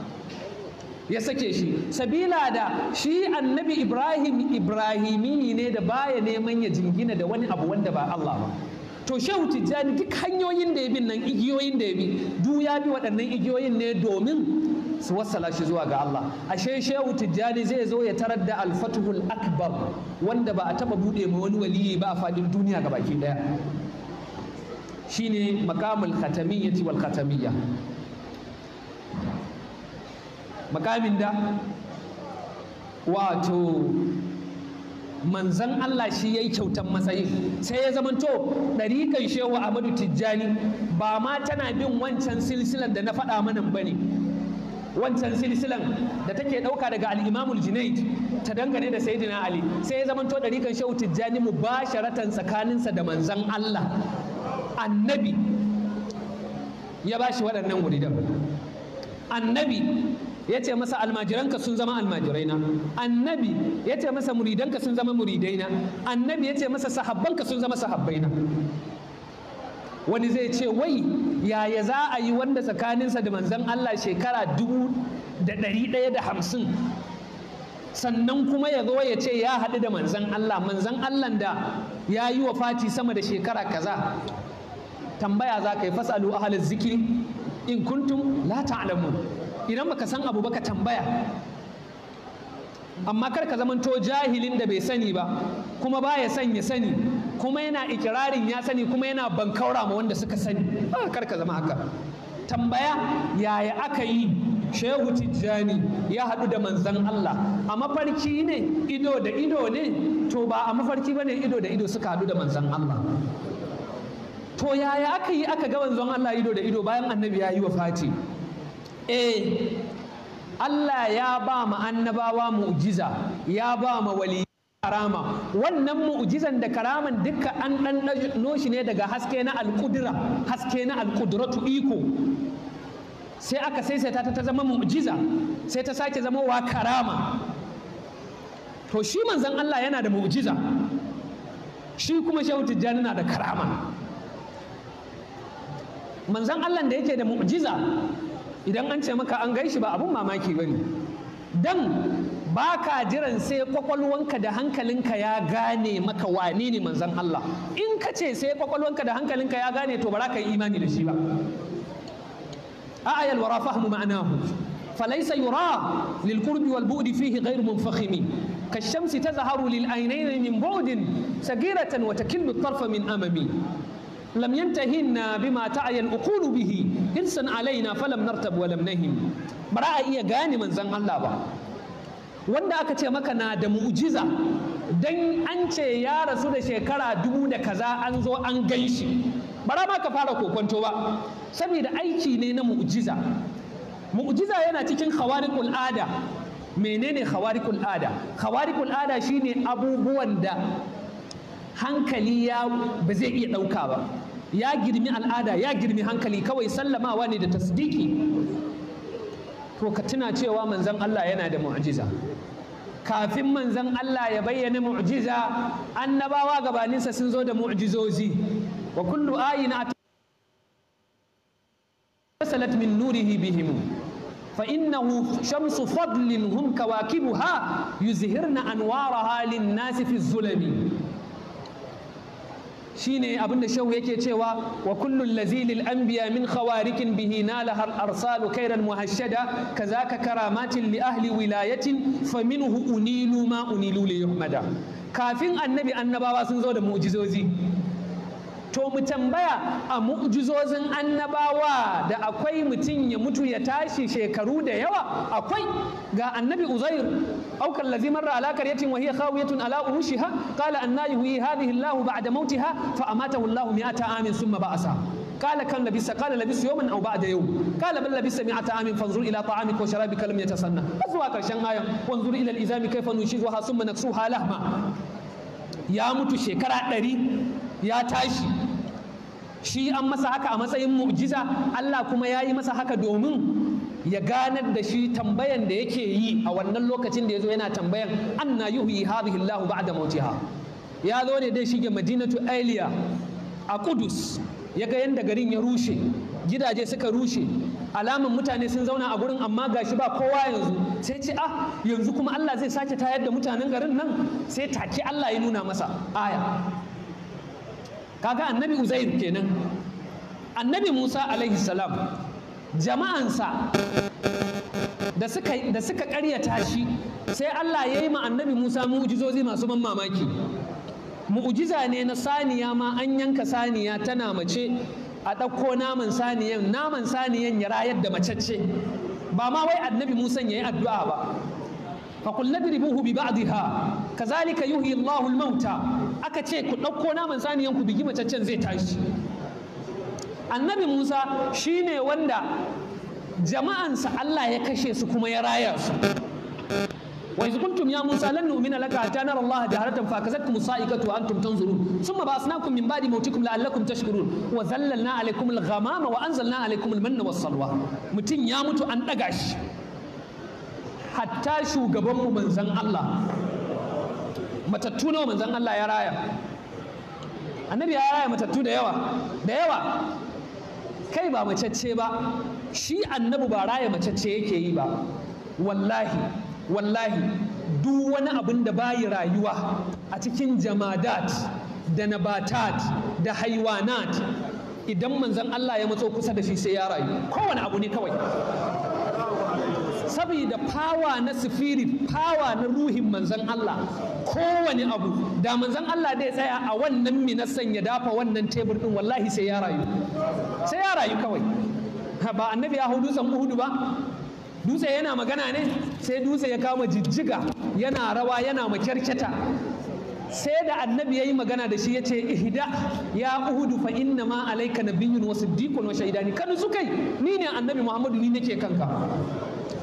S2: ya sake shi sabila da shi annabi ibrahim Ibrahimine ne da baya neman ya jingina da wani abu wanda ba Allah ba to shehu tijjani duk hanyoyin da ya bin nan igiyoyin da ya bi duk ya bi waɗannan igiyoyin ne domin su wassala shi zuwa ga Allah ashe shehu tijjani zai zo ya tarar da alfatuhul akbar wanda ba a taba bude ma wani waliyi ba a faɗin duniya ga baki ɗaya shine makamul khatamiyyati wal khatamiyya makamin da wato manzan Allah shi ya yi kyautan matsayin sai ya zamanto ɗarikan shehu Ahmadu Tijjani ba ma tana bin wancan silsilan da na faɗa mana ba ne wancan silsilan da take ɗauka daga al'imamul junaid ta dangane da saidina ali sai ya zamanto ɗarikan shehu Tijjani mu ba sharatan tsakaninsa da manzan Allah annabi ya ba shi waɗannan wuridan annabi ya ce masa almajiranka sun zama na. annabi ya ce masa muridanka sun zama na. annabi ya ce masa sahabbanka sun zama sahabbaina wani zai ce wai yaya za a yi wanda tsakaninsa da manzan Allah shekara dubu da ɗari ɗaya da hamsin sannan kuma ya zo ya ce ya haɗu da manzan Allah manzan Allah da ya yi wa fati sama da shekara kaza tambaya za ka yi fasalu ahalar zikiri in kuntum la ta'lamun idan baka san abu baka tambaya amma kar ka zamanto jahilin da bai sani ba kuma baya son ya sani kuma yana ikirarin ya sani kuma yana bankaura ma wanda suka sani ah, kar ka zama haka tambaya yaya aka yi shehu tijjani ya haɗu da manzan Allah a mafarki ne ido da ido ne to ba a mafarki ba ne ido da ido suka haɗu da manzan Allah to yaya aka yi aka ga manzon Allah ido da ido bayan annabi ya yi wa fati eh Allah ya ba mu annabawa mu'jiza ya ba mu wali karama wannan mu'jizan da karaman duka an dan shi ne daga haske na alqudra haske na alqudratu iko sai aka sai sai ta ta zama mu'jiza sai ta sake zama wa karama to shi manzon Allah yana da mu'jiza shi kuma shehu tijjani na da karama manzon Allah da yake da mu'jiza idan an ce maka an gaishi ba abun mamaki bane dan baka jiran sai kwakwalwanka da hankalinka ya gane maka wane ne manzon Allah in ka ce sai kwakwalwanka da hankalinka ya gane to baraka yi imani da shi ba a'ayal wara fahmu ma'anahu فليس يرى للقرب والبعد فيه غير منفخم كالشمس تظهر للعينين من بعد صغيرة وتكل الطرف من أمامي lam yantahinna bima ta'yan uqulu bihi hirsan alaina falam nartab wa lam nahim bara a iya gane manzon Allah ba wanda aka ce maka na da mu'jiza dan an ce ya rasu da shekara dubu da kaza an zo an gan shi bara ma ka fara kokwanto ba saboda aiki ne na mu'jiza mu'jiza yana cikin khawariqul ada menene khawariqul ada khawariqul ada shine abubuwan da hankali ya ba zai iya ɗauka ba ya girmi al'ada ya girmi hankali kawai sallamawa ne da tasdiki to ka tuna cewa manzon Allah yana da mu'jiza kafin manzon Allah ya bayyana mu'jiza annabawa gabaninsa sun zo da mu'jizozi wa kullu ayin fasalat min nurihi bihim fa innahu shamsu fadlin hum kawakibuha yuzhirna anwaraha lin-nasi fi zulami shine abinda shehu yake cewa wa kullul lazilil anbiya min khawarikin bihi nala har arsalu kairan muhashshada ka karamatin li ahli wilayatin faminhu unilu ma unilu li yuhmada kafin annabi annabawa sun zo da mu'jizozi to mu tambaya a mu'jizozin annabawa da akwai mutum ya mutu ya tashi shekaru da yawa akwai ga annabi uzair aukan lazi marra ala karyatin wa hiya khawiyatun ala urushiha qala anna yuhyi hadhihi allah ba'da mautiha fa amatahu allah mi'ata amin thumma ba'asa قال كم لبثت قال لبثت يوما او بعد يوم قال بل لبثت مئة عام فانظر الى طعامك وشرابك لم يتسنى فزوا كرشن آية وانظر الى الازام كيف ننشزها ثم نكسوها لهما Ya mutu shekara دري ya tashi. shi an masa haka a matsayin mu'jiza Allah kuma ya yi masa haka domin ya ganar da shi tambayan da yake yi a wannan lokacin da ya zo yana tambayan anna yuhyi hadhihi Allahu ba'da mautiha ya zo ne dai shige madinatu ailiya a Kudus ya ga yadda garin ya rushe gidaje suka rushe alamun mutane sun zauna a gurin amma ga shi ba kowa yanzu sai ce ah yanzu kuma Allah zai sake tayar da mutanen garin nan sai take Allah ya nuna masa aya kaga annabi uzair kenan annabi musa alaihi salam jama'ansa da suka da suka shi sai Allah ya yi ma annabi Musa mu'jizozi masu ban mamaki Mu'ujiza ne na saniya ma an yanka saniya tana mace a ɗauko naman saniyan naman saniyan ya rayar da macece ba ma wai annabi Musa ya yi addu'a ba fa qul nadribuhu bi ba'dha kazalika yuhyi Allahu al-mauta aka ce ku ɗauko naman saniyan ku bigi macaccen zai tashi annabi musa shine wanda jama'ansa allah ya kashe su kuma ya raya su wa iz kuntum ya musa lan nu'mina laka hatta nara allaha jaharatan fa kazatkum sa'iqatu wa antum tanzurun thumma ba'athnakum min ba'di mawtikum la'allakum tashkurun wa zallalna alaykum al-ghamama wa anzalna alaykum al-manna was-salwa Mutum ya mutu an daga shi hatta shugaban shugabanmu manzon Allah matattu nawa manzon Allah ya raya annabi ya raya matattu da yawa da yawa kai ba macece ba shi annabi ba raya macece yake yi ba wallahi wallahi duk wani abin da bayi rayuwa a cikin jamadat da nabatat da haiwanat idan manzon Allah ya matso kusa da shi sai ya rayu kowane abu ne kawai saboda fawa na sifiri fawa na ruhin manzon Allah kowane abu da manzon Allah dai tsaya a wannan minassan ya dafa wannan tebur din wallahi sai ya rayu sai ya rayu kawai ba annabi ya hau dutsen uhudu ba dutse yana magana ne sai dutse ya kama jijjiga yana rawa yana makyarkyata sai da annabi ya yi magana da shi ya ce ihda ya uhudu fa inna ma alaika nabiyyun wa siddiqun wa shaidani kanu su kai ni ne annabi muhammadu ni nake kanka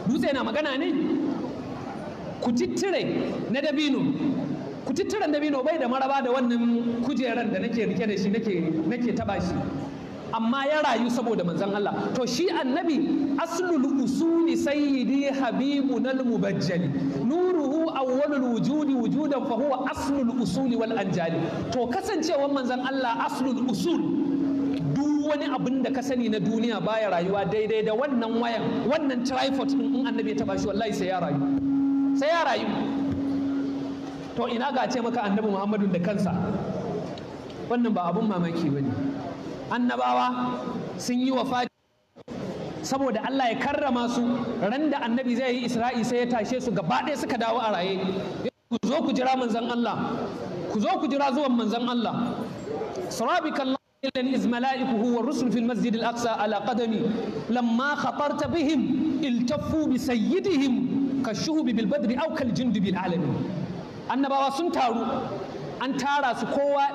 S2: dutse na magana ne ku tittire na dabino ku tittiren dabino bai da maraba da wannan kujeran da nake rike da shi nake nake taba shi amma ya rayu saboda manzon Allah to shi annabi aslul usuli sayyidi habibun al mubajjal nuruhu awwalul wujudi wujudan fa huwa aslul usuli wal anjali to kasancewar manzon Allah aslul usul duk wani abin da ka sani na duniya baya rayuwa daidai da wannan wayan wannan tripod din in annabi ya taba shi wallahi sai ya rayu sai ya rayu to ina ga ce maka annabi Muhammadu da kansa wannan ba abun mamaki bane annabawa sun yi wafa saboda Allah ya karrama su ran da annabi zai yi Isra'i sai ya tashe su gaba ɗaya suka dawo a raye ku zo ku jira manzon Allah ku zo ku jira zuwan manzon Allah sarabikan ليلا إذ ملائكه والرسل في المسجد الأقصى على قدمي لما خطرت بهم التفوا بسيدهم كالشهب بالبدر أو كالجند بالعلم annabawa sun taru an tara su kowa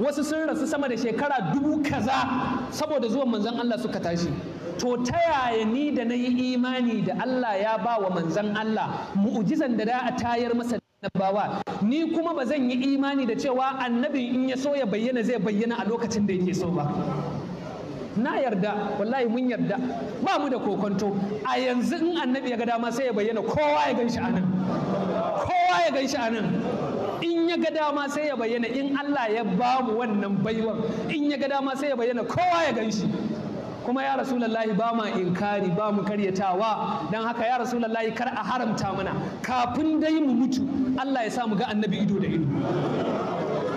S2: wasu sun rasu sama da shekara dubu kaza saboda zuwan manzon Allah suka tashi to ta yaya ni da na yi imani da Allah ya ba wa manzon Allah mu'ujizan da da a tayar masa annabawa ni kuma ba zan yi imani da cewa annabi in ya so ya bayyana zai bayyana a lokacin da yake so ba na yarda wallahi mun yarda ba mu da kokonto a yanzu in annabi ya ga dama sai ya bayyana kowa ya gan shi a kowa ya gan shi a in ya ga dama sai ya bayyana in Allah ya ba mu wannan baiwan in ya ga dama sai ya bayyana kowa ya gan shi kuma ya rasulullahi ba ma inkari ba mu karyatawa don haka ya rasulullahi kar a haramta mana kafin dai mu mutu Allah ya sa mu ga annabi ido da ido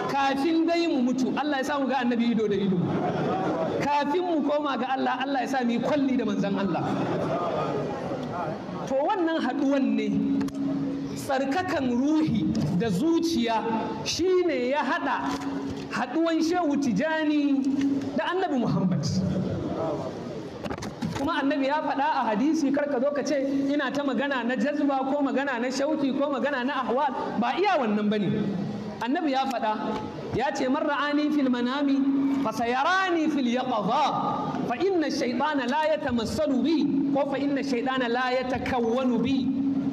S2: kafin dai mu mutu Allah ya sa mu ga annabi ido da ido kafin mu koma ga Allah Allah ya sa mu yi kwalli da manzan Allah to wannan haɗuwan ne tsarkakan ruhi da zuciya shine ya haɗa haɗuwan shehu tijani da annabi muhammad kuma annabi ya faɗa a hadisi kar ka zo ka ce ina ta magana na jazba ko magana na shauki ko magana na ahwal ba iya wannan bane annabi ya faɗa ya ce man ra'ani fil manami fa sayarani fil yaqadha fa inna shaytana la yatamassalu bi ko fa inna shaytana la yatakawwanu bi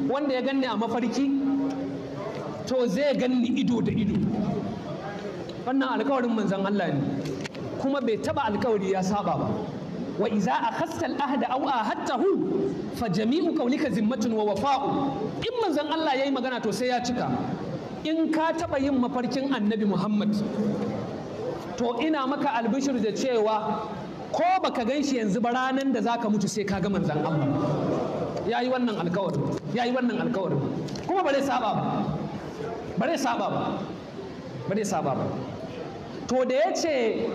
S2: wanda ya ganni a mafarki to zai ganni ido da ido wannan alƙawarin manzon Allah ne kuma bai taba alkawari ya saba ba wa iza akhasta au a hatta hu fa jami'u kaunika zimmatun wa wafa'u in manzon Allah yayi magana to sai ya cika in ka taba yin mafarkin annabi Muhammad to ina maka albishir da cewa ko baka gan shi yanzu ba ranan da zaka mutu sai ka ga manzon Allah yayi wannan alkawarin yayi wannan alkawarin kuma bare saba ba bare saba ba bare saba ba to da yace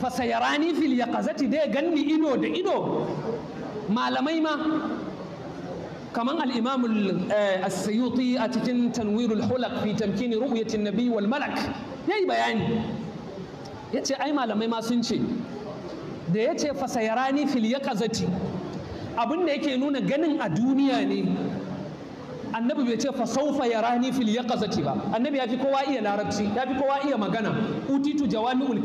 S2: fasayarani fil yaqazati dai ganni ido da ido malamai ma kaman al-imam as-suyuti a cikin tanwirul hulaq fi tamkin ru'yati an-nabi wal malak yayi bayani yace ai malamai ma sun ce da yace fasayarani fil yaqazati abin da yake nuna ganin a duniya ne annabi bai ce fa saufa fili fil yaqazati ba annabi ya fi kowa iya larabci Ya fi kowa iya magana utitu jawami'ul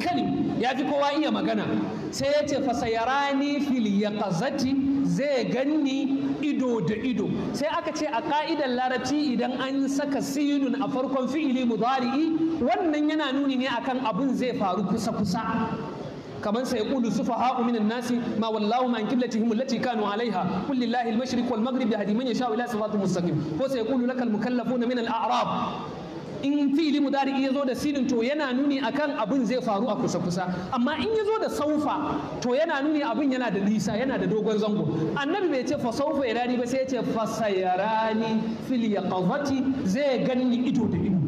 S2: Ya fi kowa iya magana sai ya ce fa fili fil yaqazati zai ganni ido da ido sai aka ce a ka'idar larabci idan an saka sinun a farkon fi'ili mudari'i wannan yana nuni ne akan abun zai faru kusa kusa kaman sai su من الناس nasi ma wallahu ma التي كانوا عليها kanu alaiha المشرق والمغرب يهدي من wal الى صراط مستقيم هو سيقول لك المكلفون ko sai yaqulu min arab in fi'ili mudari ya zo da sinin to yana nuni akan abin zai faru a kusa kusa amma in ya zo da saufa to yana nuni abin yana da nisa yana da dogon zango annabi bai ce fa saufa ya rani ba sai ya ce fa sayarani fil yaqawati zai ganni ido da ido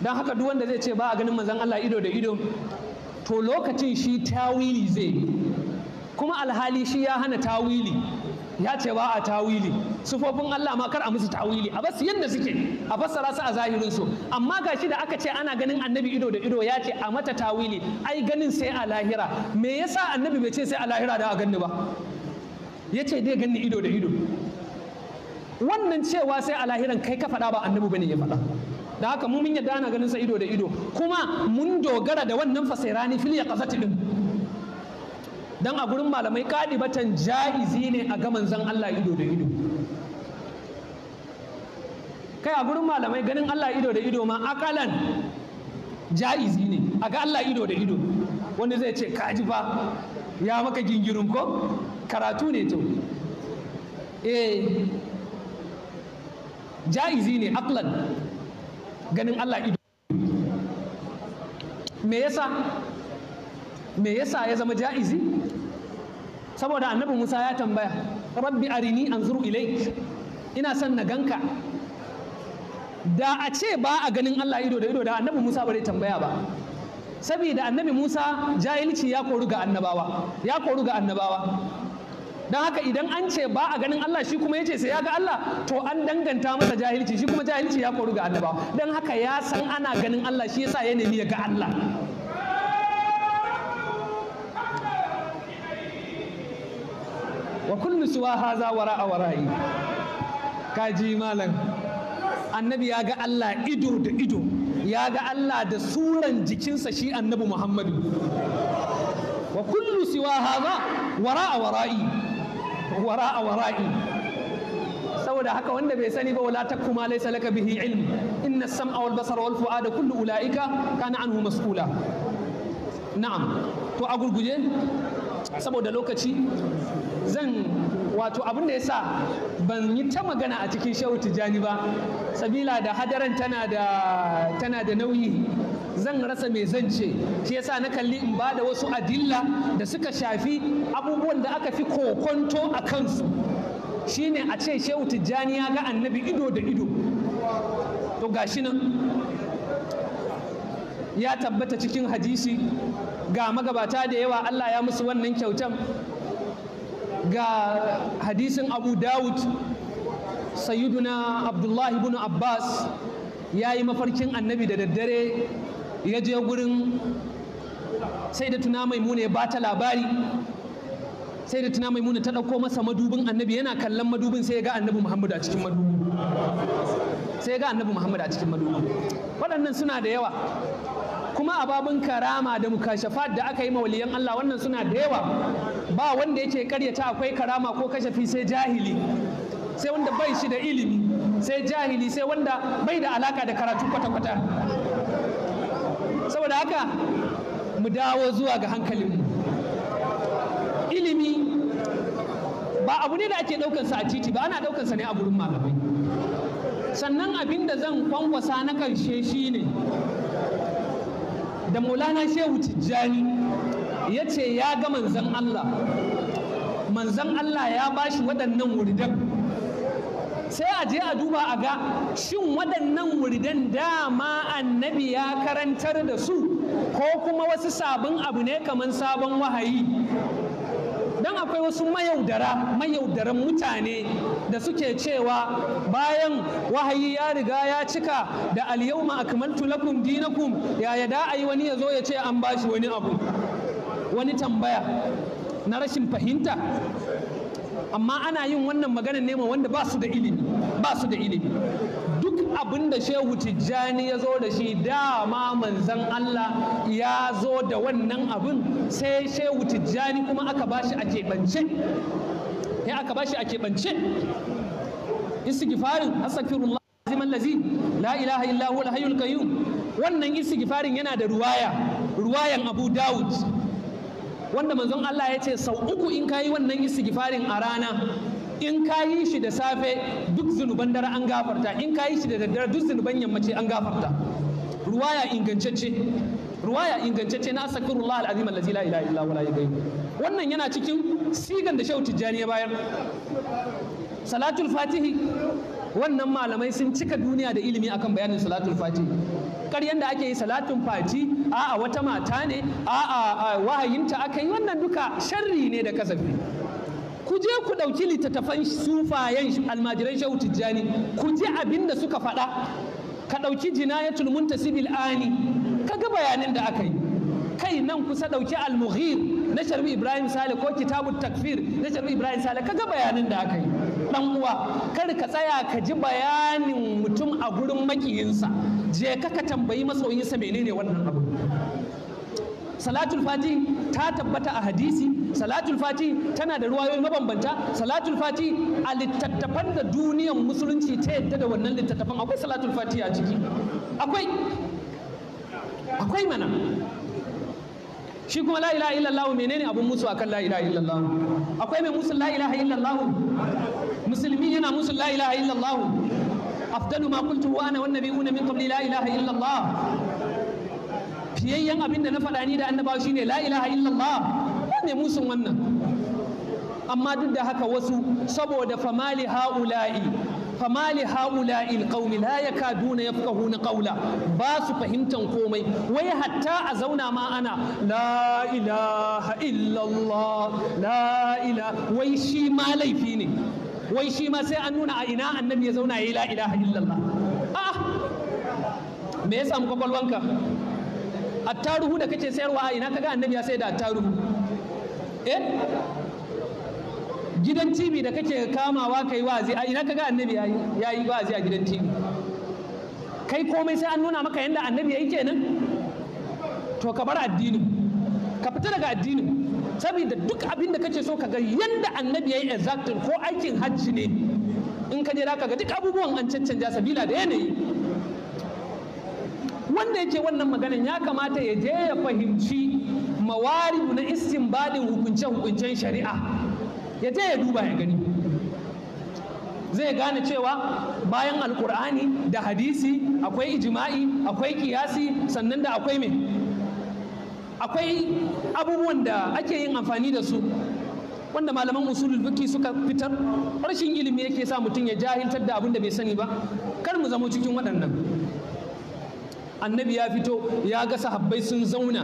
S2: dan haka duk wanda zai ce ba a ganin manzon Allah ido da ido to lokacin shi tawili zai kuma alhali shi ya hana tawili ya ce ba a tawili sufofin Allah ma kar a musu tawili a basu yadda suke a fassara su a zahirin su amma gashi da aka ce ana ganin annabi ido da ido ya ce a mata tawili ai ganin sai a lahira me yasa annabi bai ce sai a lahira da a ganni ba ya ce dai ganni ido da ido wannan cewa sai a lahiran kai ka faɗa ba annabi bane ya faɗa da haka mu mun yadda ana ganin sa ido da ido kuma mun dogara da wannan fasairani fil ya kasati din dan a gurin malamai kadibatan ja'izi ne a gaman zan Allah ido da ido kai a gurin malamai ganin Allah ido da ido ma akalan ja'izi ne a ga Allah ido da ido wanda zai ce kaji fa ya maka gingirin ko karatu ne to eh ja'izi ne aklan ganin Allah ido me yasa me yasa ya zama ja'izi saboda annabi Musa ya tambaya rabbi arini anzuru ilai. ina son na ganka da a ce ba a ganin Allah ido da ido da annabi Musa ba zai tambaya ba saboda annabi Musa jahilci ya koru ga annabawa ya koru ga annabawa don haka idan an ce ba a ganin Allah shi kuma ya ce sai ya ga Allah to an danganta masa jahilci shi kuma jahilci ya koru ga annaba don haka ya san ana ganin Allah shi yasa ya nemi ya ga Allah wa kullu suwa haza a wara'i kaji malam annabi ya ga Allah ido da ido ya ga Allah da suran jikinsa shi annabi Muhammadu wa kullu siwa haza a wara'i wara a wara'i saboda haka wanda bai sani ba wala takuma ma laysa laka bihi ilm inna sam'a wal basara wal fu'ada kullu ulaika kana anhu mas'ula na'am to a gurguje saboda lokaci zan wato abin da ya sa ban yi ta magana a cikin shehu tijjani ba sabila da hadaran tana da tana da nauyi zan rasa mai zance. ce shi yasa na kalli in ba da wasu adilla da suka shafi abubuwan da aka fi kokonto a kansu shine a ce shehu tijjani ya ga annabi ido da ido to gashi nan ya tabbata cikin hadisi ga magabata da yawa Allah ya musu wannan kyautan ga hadisin abu dawud sayyiduna abdullahi ibn abbas ya yi mafarkin annabi da daddare ya je gurin sai da tuna maimuna ya ta labari sai da tuna maimuna ta ɗauko masa madubin annabi yana kallon madubin sai ya ga annabi muhammadu a cikin madubi sai ya ga annabi muhammadu a cikin madubi waɗannan suna da yawa kuma ababun karama da mukashafat da aka yi mawaliyan Allah wannan suna da yawa ba wanda yake karyata akwai karama ko kashafi sai jahili sai wanda bai shi da ilimi sai jahili sai wanda bai da alaka da karatu kwata-kwata saboda haka mu dawo zuwa ga hankalinmu ilimi ba abu ne da ake ɗaukansa a titi ba ana ɗaukansa ne a gurin malamai sannan abin da zan kwankwasa na ƙarshe shine da maulana shehu tijjani ya ce ya ga manzan Allah manzan Allah ya bashi waɗannan wuridan sai a je a duba a ga shin waɗannan wuridan dama annabi ya karantar da su ko kuma wasu sabon abu ne kamar sabon wahayi don akwai wasu mayaudara mayaudaran mutane da suke cewa bayan wahayi ya riga ya cika da alyawma akmaltu lakum dinakum ya da ayi wani yazo ya ce an bashi wani abu wani tambaya na rashin fahimta amma ana yin wannan maganar nema wanda ba su da ilimi ba su da ilimi abin da shehu tijjani ya zo da shi dama manzan Allah ya zo da wannan abin sai shehu tijjani kuma aka bashi a keɓance Ya eh, aka bashi a keɓance istighfarin astaghfirullah azim allazi la ilaha illa huwa al qayyum wannan istighfarin yana da ruwaya ruwayan Abu Dawud wanda manzon Allah ya ce sau uku in kayi wannan istighfarin a rana in ka yi shi da safe duk zunuban dare an gafarta in ka yi shi da daddare duk zunuban yammaci an gafarta ruwaya ingantacce ruwaya ingantacce na astaghfirullah alazim allazi la ilaha illa wala ghaibu wannan yana cikin sigan da shehu tijjani ya bayar salatul fatihi wannan malamai sun cika duniya da ilimi akan bayanin salatul fatihi ƙaryan da ake yi Salatun fati a'a wata mata ne a'a wahayinta aka yi wannan duka sharri ne da kasafi ku je ku ɗauki littattafan sufayen almajiran shehu tijjani ku ji abin da suka faɗa ka ɗauki jinayatul muntasibil ani ka ga bayanin da aka yi kai nan kusa ɗauki almughir na sharbi ibrahim sale ko kitabut takfir na sharbi ibrahim sale ka ga bayanin da aka yi dan uwa kar ka tsaya ka ji bayanin mutum a gurin makiyinsa je ka ka tambayi masoyinsa menene wannan abu salatul fati ta tabbata a hadisi salatul fati tana da ruwayoyi mabambanta salatul fati a littattafan da duniyar musulunci ta yadda da wannan littattafan akwai salatul fati a ciki akwai akwai mana shi kuma la ilaha illallah menene abun musu akan la ilaha illallah akwai mai musu la ilaha illallah musulmi yana musu la ilaha illallah afdalu ma qultu wa ana wan nabiyuna min qabli la ilaha illallah fiyayyen abin da na faɗa ni da annabawa shine la ilaha illallah ne musun wannan amma duk da haka wasu saboda famali ha'ula'i famali ha'ula'i alqawmi la yakaduna yafqahuna qawla ba su fahimtan komai wai hatta a zauna ma ana la ilaha illallah la ila wai shi ma laifi ne wai shi ma sai an nuna a ina annabi ya zauna yayi la ilaha illallah
S1: a'a
S2: me yasa mu kwakwalwanka attaruhu da kake sayarwa a ina kaga annabi ya sai da attaruhu eh gidan tv da kake kamawa kai wazi a ina kaga annabi ya yi wazi a gidan tv kai komai sai an nuna maka yadda annabi ya yi kenan to ka bar addinin ka fita daga addinin saboda duk abin da kake so ka ga yadda annabi ya yi exactin ko aikin hajji ne in ka je za ka ga duk abubuwan an cancanja sabila da yanayi wanda yake wannan maganan ya kamata ya je ya fahimci mawaridu na istinbadin hukunce-hukuncen shari'a ya je ya duba ya gani zai gane cewa bayan alkur'ani da hadisi akwai ijima'i akwai kiyasi sannan da akwai me akwai abubuwan da ake yin amfani da su wanda malaman usulul fiqh suka fitar rashin ilimi yake sa mutum ya jahiltar da abin da bai sani ba kar mu zamo cikin waɗannan annabi ya fito ya ga sahabbai sun zauna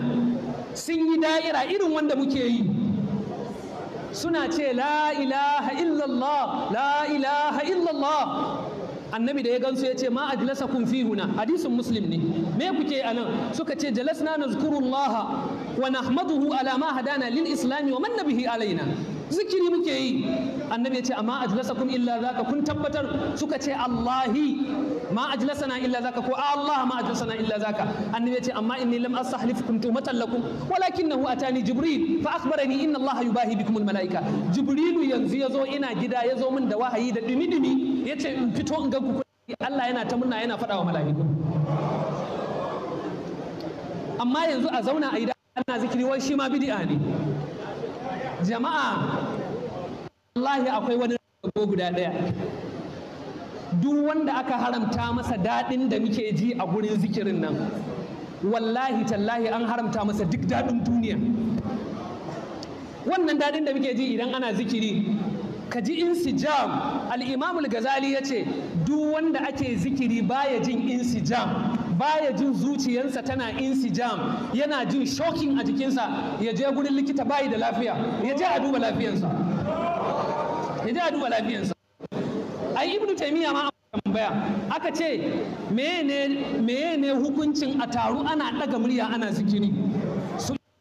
S2: sun yi da'ira irin wanda muke yi suna ce la ilaha illallah la ilaha illallah annabi da ya gansu ya ce ma ajlasa kun fi huna hadisin muslim ne me kuke anan suka ce jalasna nazkurullah wa nahmaduhu ala ma hadana lil islami wa manna bihi alaina zikiri muke yi annabi ya ce amma ajlasakum illa zaka kun tabbatar suka ce Allahi ma ajlasana illa zaka ko ah, Allah ma ajlasana illa zaka annabi ya ce amma inni lam astahlifukum tumatan lakum walakinahu atani jibril fa akhbarani inna Allah yubahi bikum almalaika jibrilu yanzu yazo ina gida yazo min da wahayi da dumi dumi yace in fito in ga ku Allah yana ta murna yana faɗa wa mala'iku amma yanzu a zauna a yi da ana zikiri wai shi ma bid'a ne jama'a wallahi akwai wani rago guda ɗaya duk wanda aka haramta masa daɗin da muke ji a gurin zikirin nan wallahi tallahi an haramta masa duk daɗin duniya wannan daɗin da muke ji idan ana zikiri ka ji insijam al'imamul gazali ya ce duk wanda ake zikiri baya jin insijam baya jin zuciyarsa tana insijam yana jin shocking a jikinsa ya je gurin likita bayi da lafiya ya je a duba lafiyarsa ya je a duba lafiyarsa ai ibnu taymiya ma tambaya aka ce meye ne hukuncin a taru ana daga murya ana zikiri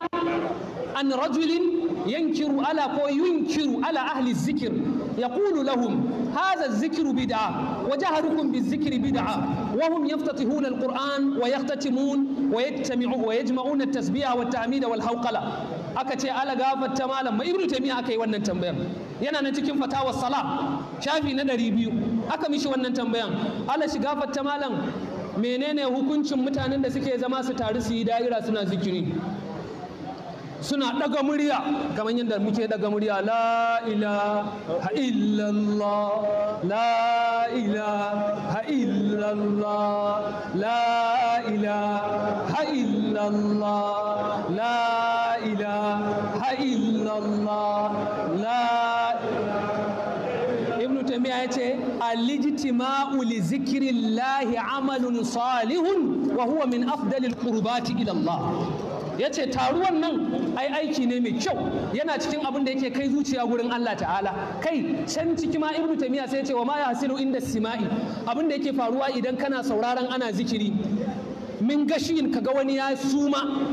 S2: an rajulin yankiru ala ko yunkiru ala ahli zikir ya yaqulu lahum hadha zikru bid'a wa jaharukum bizikri bid'a wa hum yaftatihuna qur'an, wa yaqtatimun wa yajtami'u wa yajma'una at tasbiya, wa at-tahmida wal hawqala aka ce ala gafarta malam ibnu taymiya aka yi wannan tambayar yana nan cikin fatawa sala shafi na ɗari biyu. aka mishi wannan tambayan ala shi fatta malam menene hukuncin mutanen da suke zama su taru su yi da'ira suna zikiri suna daga murya kamar yanda muke daga murya la ilaha illallah la ilaha illallah la ilaha illallah la ilaha illallah la ibnu taymiya yace al li zikrillah amalun salihun wa huwa min afdalil qurbati ila Allah ya ce taruwan nan ai aiki ne mai kyau yana cikin abin da yake kai zuciya gurin Allah ta'ala kai can ciki ma ibnu tamiya sai ya ce wa ma ya hasilu inda sima'i abin da yake faruwa idan kana sauraron ana zikiri min gashin kaga wani ya suma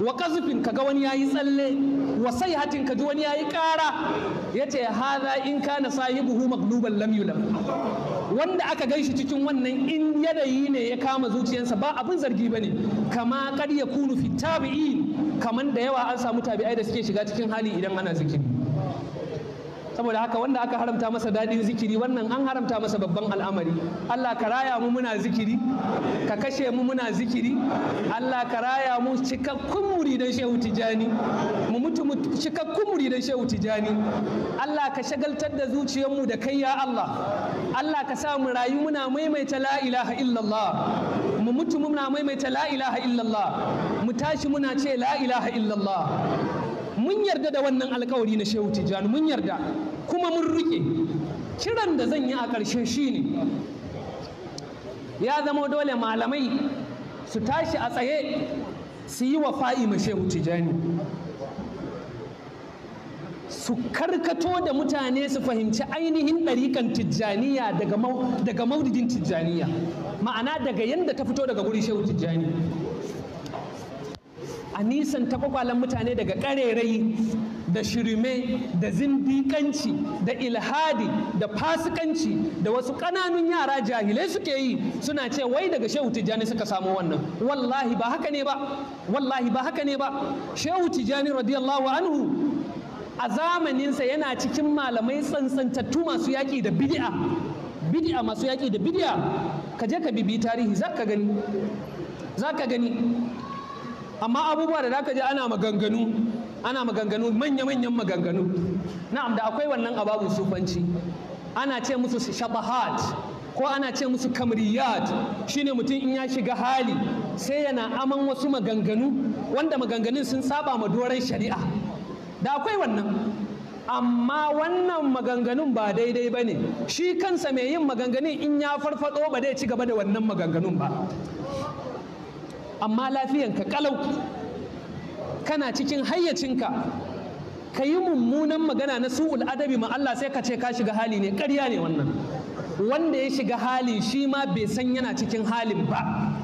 S2: wa kazufin kaga wani ya yi tsalle wasai hatin kaji ji wani yayi ƙara ya ce hada in kana sahibuhu magluban lam yulam wanda aka shi cikin wannan in yanayi ne ya kama zuciyarsa ba abin zargi bane kama kad yakunu fi tabi'in kaman da yawa an samu tabi'ai da suke shiga cikin hali idan ana zikiri saboda haka wanda aka haramta masa daɗin zikiri wannan an haramta masa babban al'amari Allah ka raya mu muna zikiri ka kashe mu muna zikiri Allah ka raya mu cikakkun muridan shehu tijani mu mutu mu cikakkun muridan shehu tijani Allah ka shagaltar da mu da kai ya Allah Allah ka sa mu rayu muna maimaita la ilaha illallah mu mutu muna maimaita la ilaha illallah mu tashi muna ce la ilaha illallah mun yarda da wannan alkawari na shehu tijjani mun yarda kuma mun riƙe kiran da zan yi a ƙarshe shine ya zama dole malamai su tashi a tsaye su yi wa fa'ima shehu tijjani su karkato da mutane su fahimci ainihin ɗarikan tijjaniya daga maudidin tijjaniya ma'ana daga yadda ta fito daga guri shehu tijjani a nisan kwakwalen mutane daga ƙarerai da shirme da zindikanci da ilhadi da fasikanci da wasu ƙananun yara jahilai suke yi suna ce wai daga shehu tijjani suka samu wannan wallahi ba haka ne ba wallahi ba haka ne ba shehu tijjani radiyallahu anhu a zamaninsa yana cikin malamai tsantsantattu masu yaƙi da bid'a bid'a masu yaƙi da bid'a ka je ka bibi tarihi za ka gani za ka gani amma abubuwa da zaka ji ana maganganu ana maganganu manya-manyan maganganu na'am da akwai wannan ababu sufanci ana ce musu shabahat ko ana ce musu kamriyat shine mutum in ya shiga hali sai yana aman wasu maganganu wanda maganganun sun saba ma doron shari'a da akwai wannan amma wannan maganganun ba daidai ba ne shi kansa mai yin maganganun in ya farfado ba zai ci gaba da wannan maganganun ba amma lafiyanka kalau kana cikin hayyacinka ka yi mummunan magana na su'ul adabi ma Allah sai ka ce ka shiga hali ne ƙarya ne wannan wanda ya shiga hali shi ma bai san yana cikin halin ba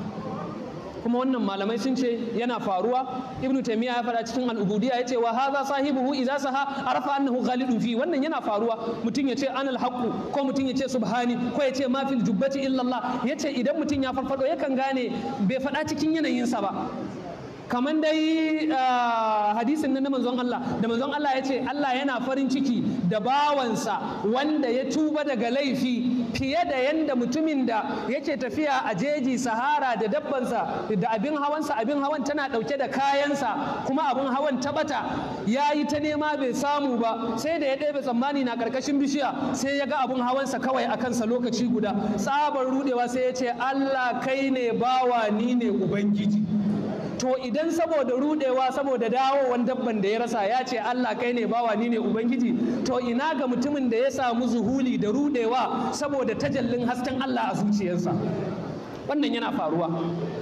S2: kuma wannan malamai sun ce yana faruwa ibnu taymiya ya faɗa cikin al-ubudiyya yace wa hadha sahibuhu idza saha arafa annahu ghalidun fi wannan yana faruwa mutum yace anal haqu ko mutum yace subhani ko yace ma fil jubbati illa Allah yace idan mutum ya farfado yakan gane bai faɗa cikin yanayin sa ba kamar dai ah, hadisin nan na manzon Allah da manzon Allah ya ce Allah yana farin ciki da bawansa wanda ya tuba daga laifi fiye da yanda mutumin da yake tafiya a jeji sahara da dabbansa da abin hawansa abin hawan tana ɗauke da kayansa kuma abin hawan tabata ya yi ta nema bai samu ba sai da ya ɗebe tsammani na ƙarƙashin bishiya sai ya ga abin hawansa kawai a kansa lokaci guda tsabar rudewa sai ya ce Allah kai ne bawa ni ne ubangiji to idan saboda rudewa saboda dawowan dabban da ya rasa ya ce Allah kai ne bawa ni ne ubangiji to ina ga mutumin da ya samu zuhuli da rudewa saboda tajallin hasken Allah a zuciyarsa wannan yana faruwa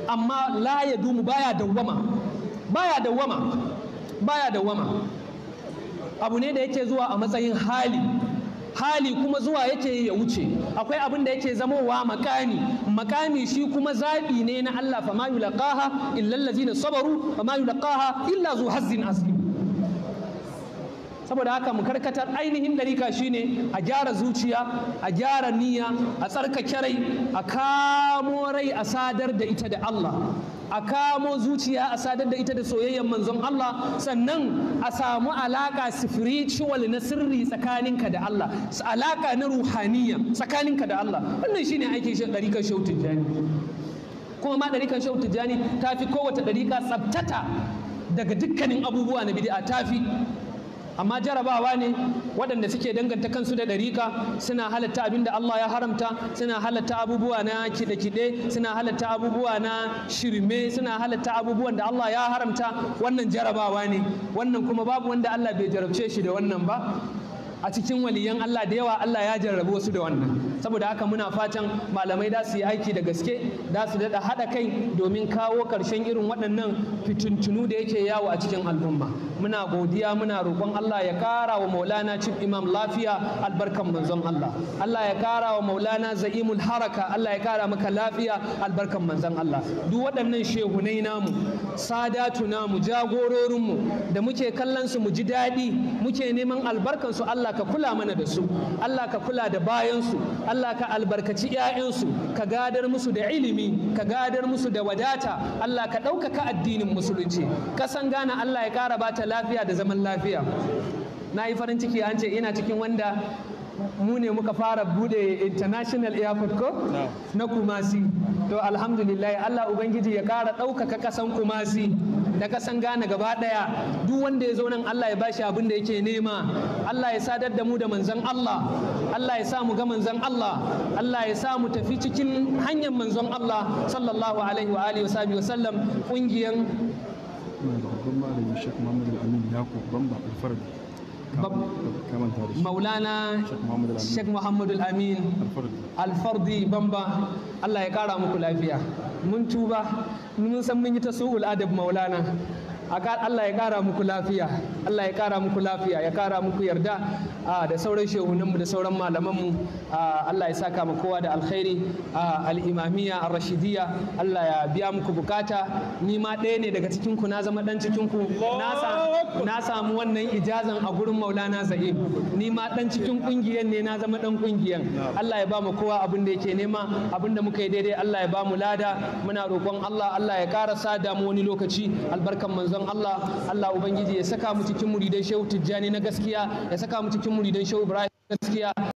S2: amma la ya dumu baya dawwama baya dawwama baya dawwama abu ne da yake zuwa a matsayin hali hali kuma zuwa yake ya wuce akwai abin da yake zamowa makami makami shi kuma zaɓi ne na Allah fa ma yulqaha illa allazina sabaru fa ma yulqaha illa zu hazzin azim saboda haka mu karkatar ainihin ɗarika shine a gyara zuciya a gyara niyya a tsarkake rai a kamo rai a sadar da ita da Allah a kamo zuciya a sadar da ita da soyayyar manzon Allah sannan a samu alaka spiritual na sirri tsakaninka da Allah alaka na ruhaniya tsakaninka da Allah wannan shine aikin shi ɗarikar shautin jani kuma ma ɗarikar shautin jani ta fi kowace ɗarika tsabtata daga dukkanin abubuwa na bid'a ta fi amma jarabawa ne waɗanda suke danganta kansu da ɗarika suna halatta abin da Allah ya haramta suna halatta abubuwa na kiɗe-kiɗe suna halatta abubuwa na shirme suna halatta abubuwan da Allah ya haramta wannan jarabawa ne wannan kuma babu wanda Allah bai jarabce shi da wannan ba a cikin waliyan Allah da yawa Allah ya jarrabu wasu da wannan saboda haka muna fatan malamai da su yi aiki da gaske da su daɗa haɗa kai domin kawo ƙarshen irin waɗannan fitintunu da yake yawo a cikin al'umma muna godiya muna roƙon Allah ya ƙara wa maulana cif imam lafiya albarkan manzon Allah Allah ya ƙara wa maulana za'imul haraka Allah ya ƙara maka lafiya albarkan manzon Allah duk waɗannan shehunai namu sadatu namu jagororinmu da muke kallon su mu ji daɗi muke neman albarkan su Allah ka kula mana da su Allah ka kula da bayansu Allah ka albarkaci 'ya'yansu ka gadar musu da ilimi ka gadar musu da wadata Allah ka ɗaukaka addinin musulunci kasan Ghana Allah ya ƙara bata lafiya da zaman lafiya na yi farin ciki an ce ina cikin wanda mu ne muka fara bude international airport ko na kumasi to alhamdulillah allah ubangiji ya kara ɗaukaka kasan kumasi da kasan gane gaba ɗaya duk wanda ya zo nan allah ya bashi abin da yake nema allah ya sadar da mu da manzon allah allah ya sa mu ga manzon allah allah ya sa mu tafi cikin hanyar manzon allah sallallahu alaihi wa alihi wa sallam kungiyan babban malami shek muhammad al-amin yakub bamba alfarbi maulana sheikh muhammadu amin alfardi bamba allah ya kara muku lafiya mun tuba mun san mun yi ta su'ul adab maulana Allah ya ƙara muku lafiya Allah ya kara muku lafiya ya kara muku yarda da sauran shehunanmu da sauran malamanmu Allah ya saka mu kowa da alkhairi al-imamiyya rashidiyya Allah ya biya muku bukata ni ma ɗaya ne daga cikin ku na zama ɗan cikin ku na samu wannan ijazan a gurin Maulana Za'im ni ma ɗan cikin ƙungiyan ne na zama dan kungiyan Allah ya ba mu kowa abin da yake nema abin da muka yi daidai Allah ya ba mu lada muna roƙon Allah Allah ya ƙara sa damu wani lokaci albarkan manzon Allah Allah ubangiji ya saka mu cikin muridan Shehu Tijjani na gaskiya ya saka mu cikin muridan Shehu Ibrahim gaskiya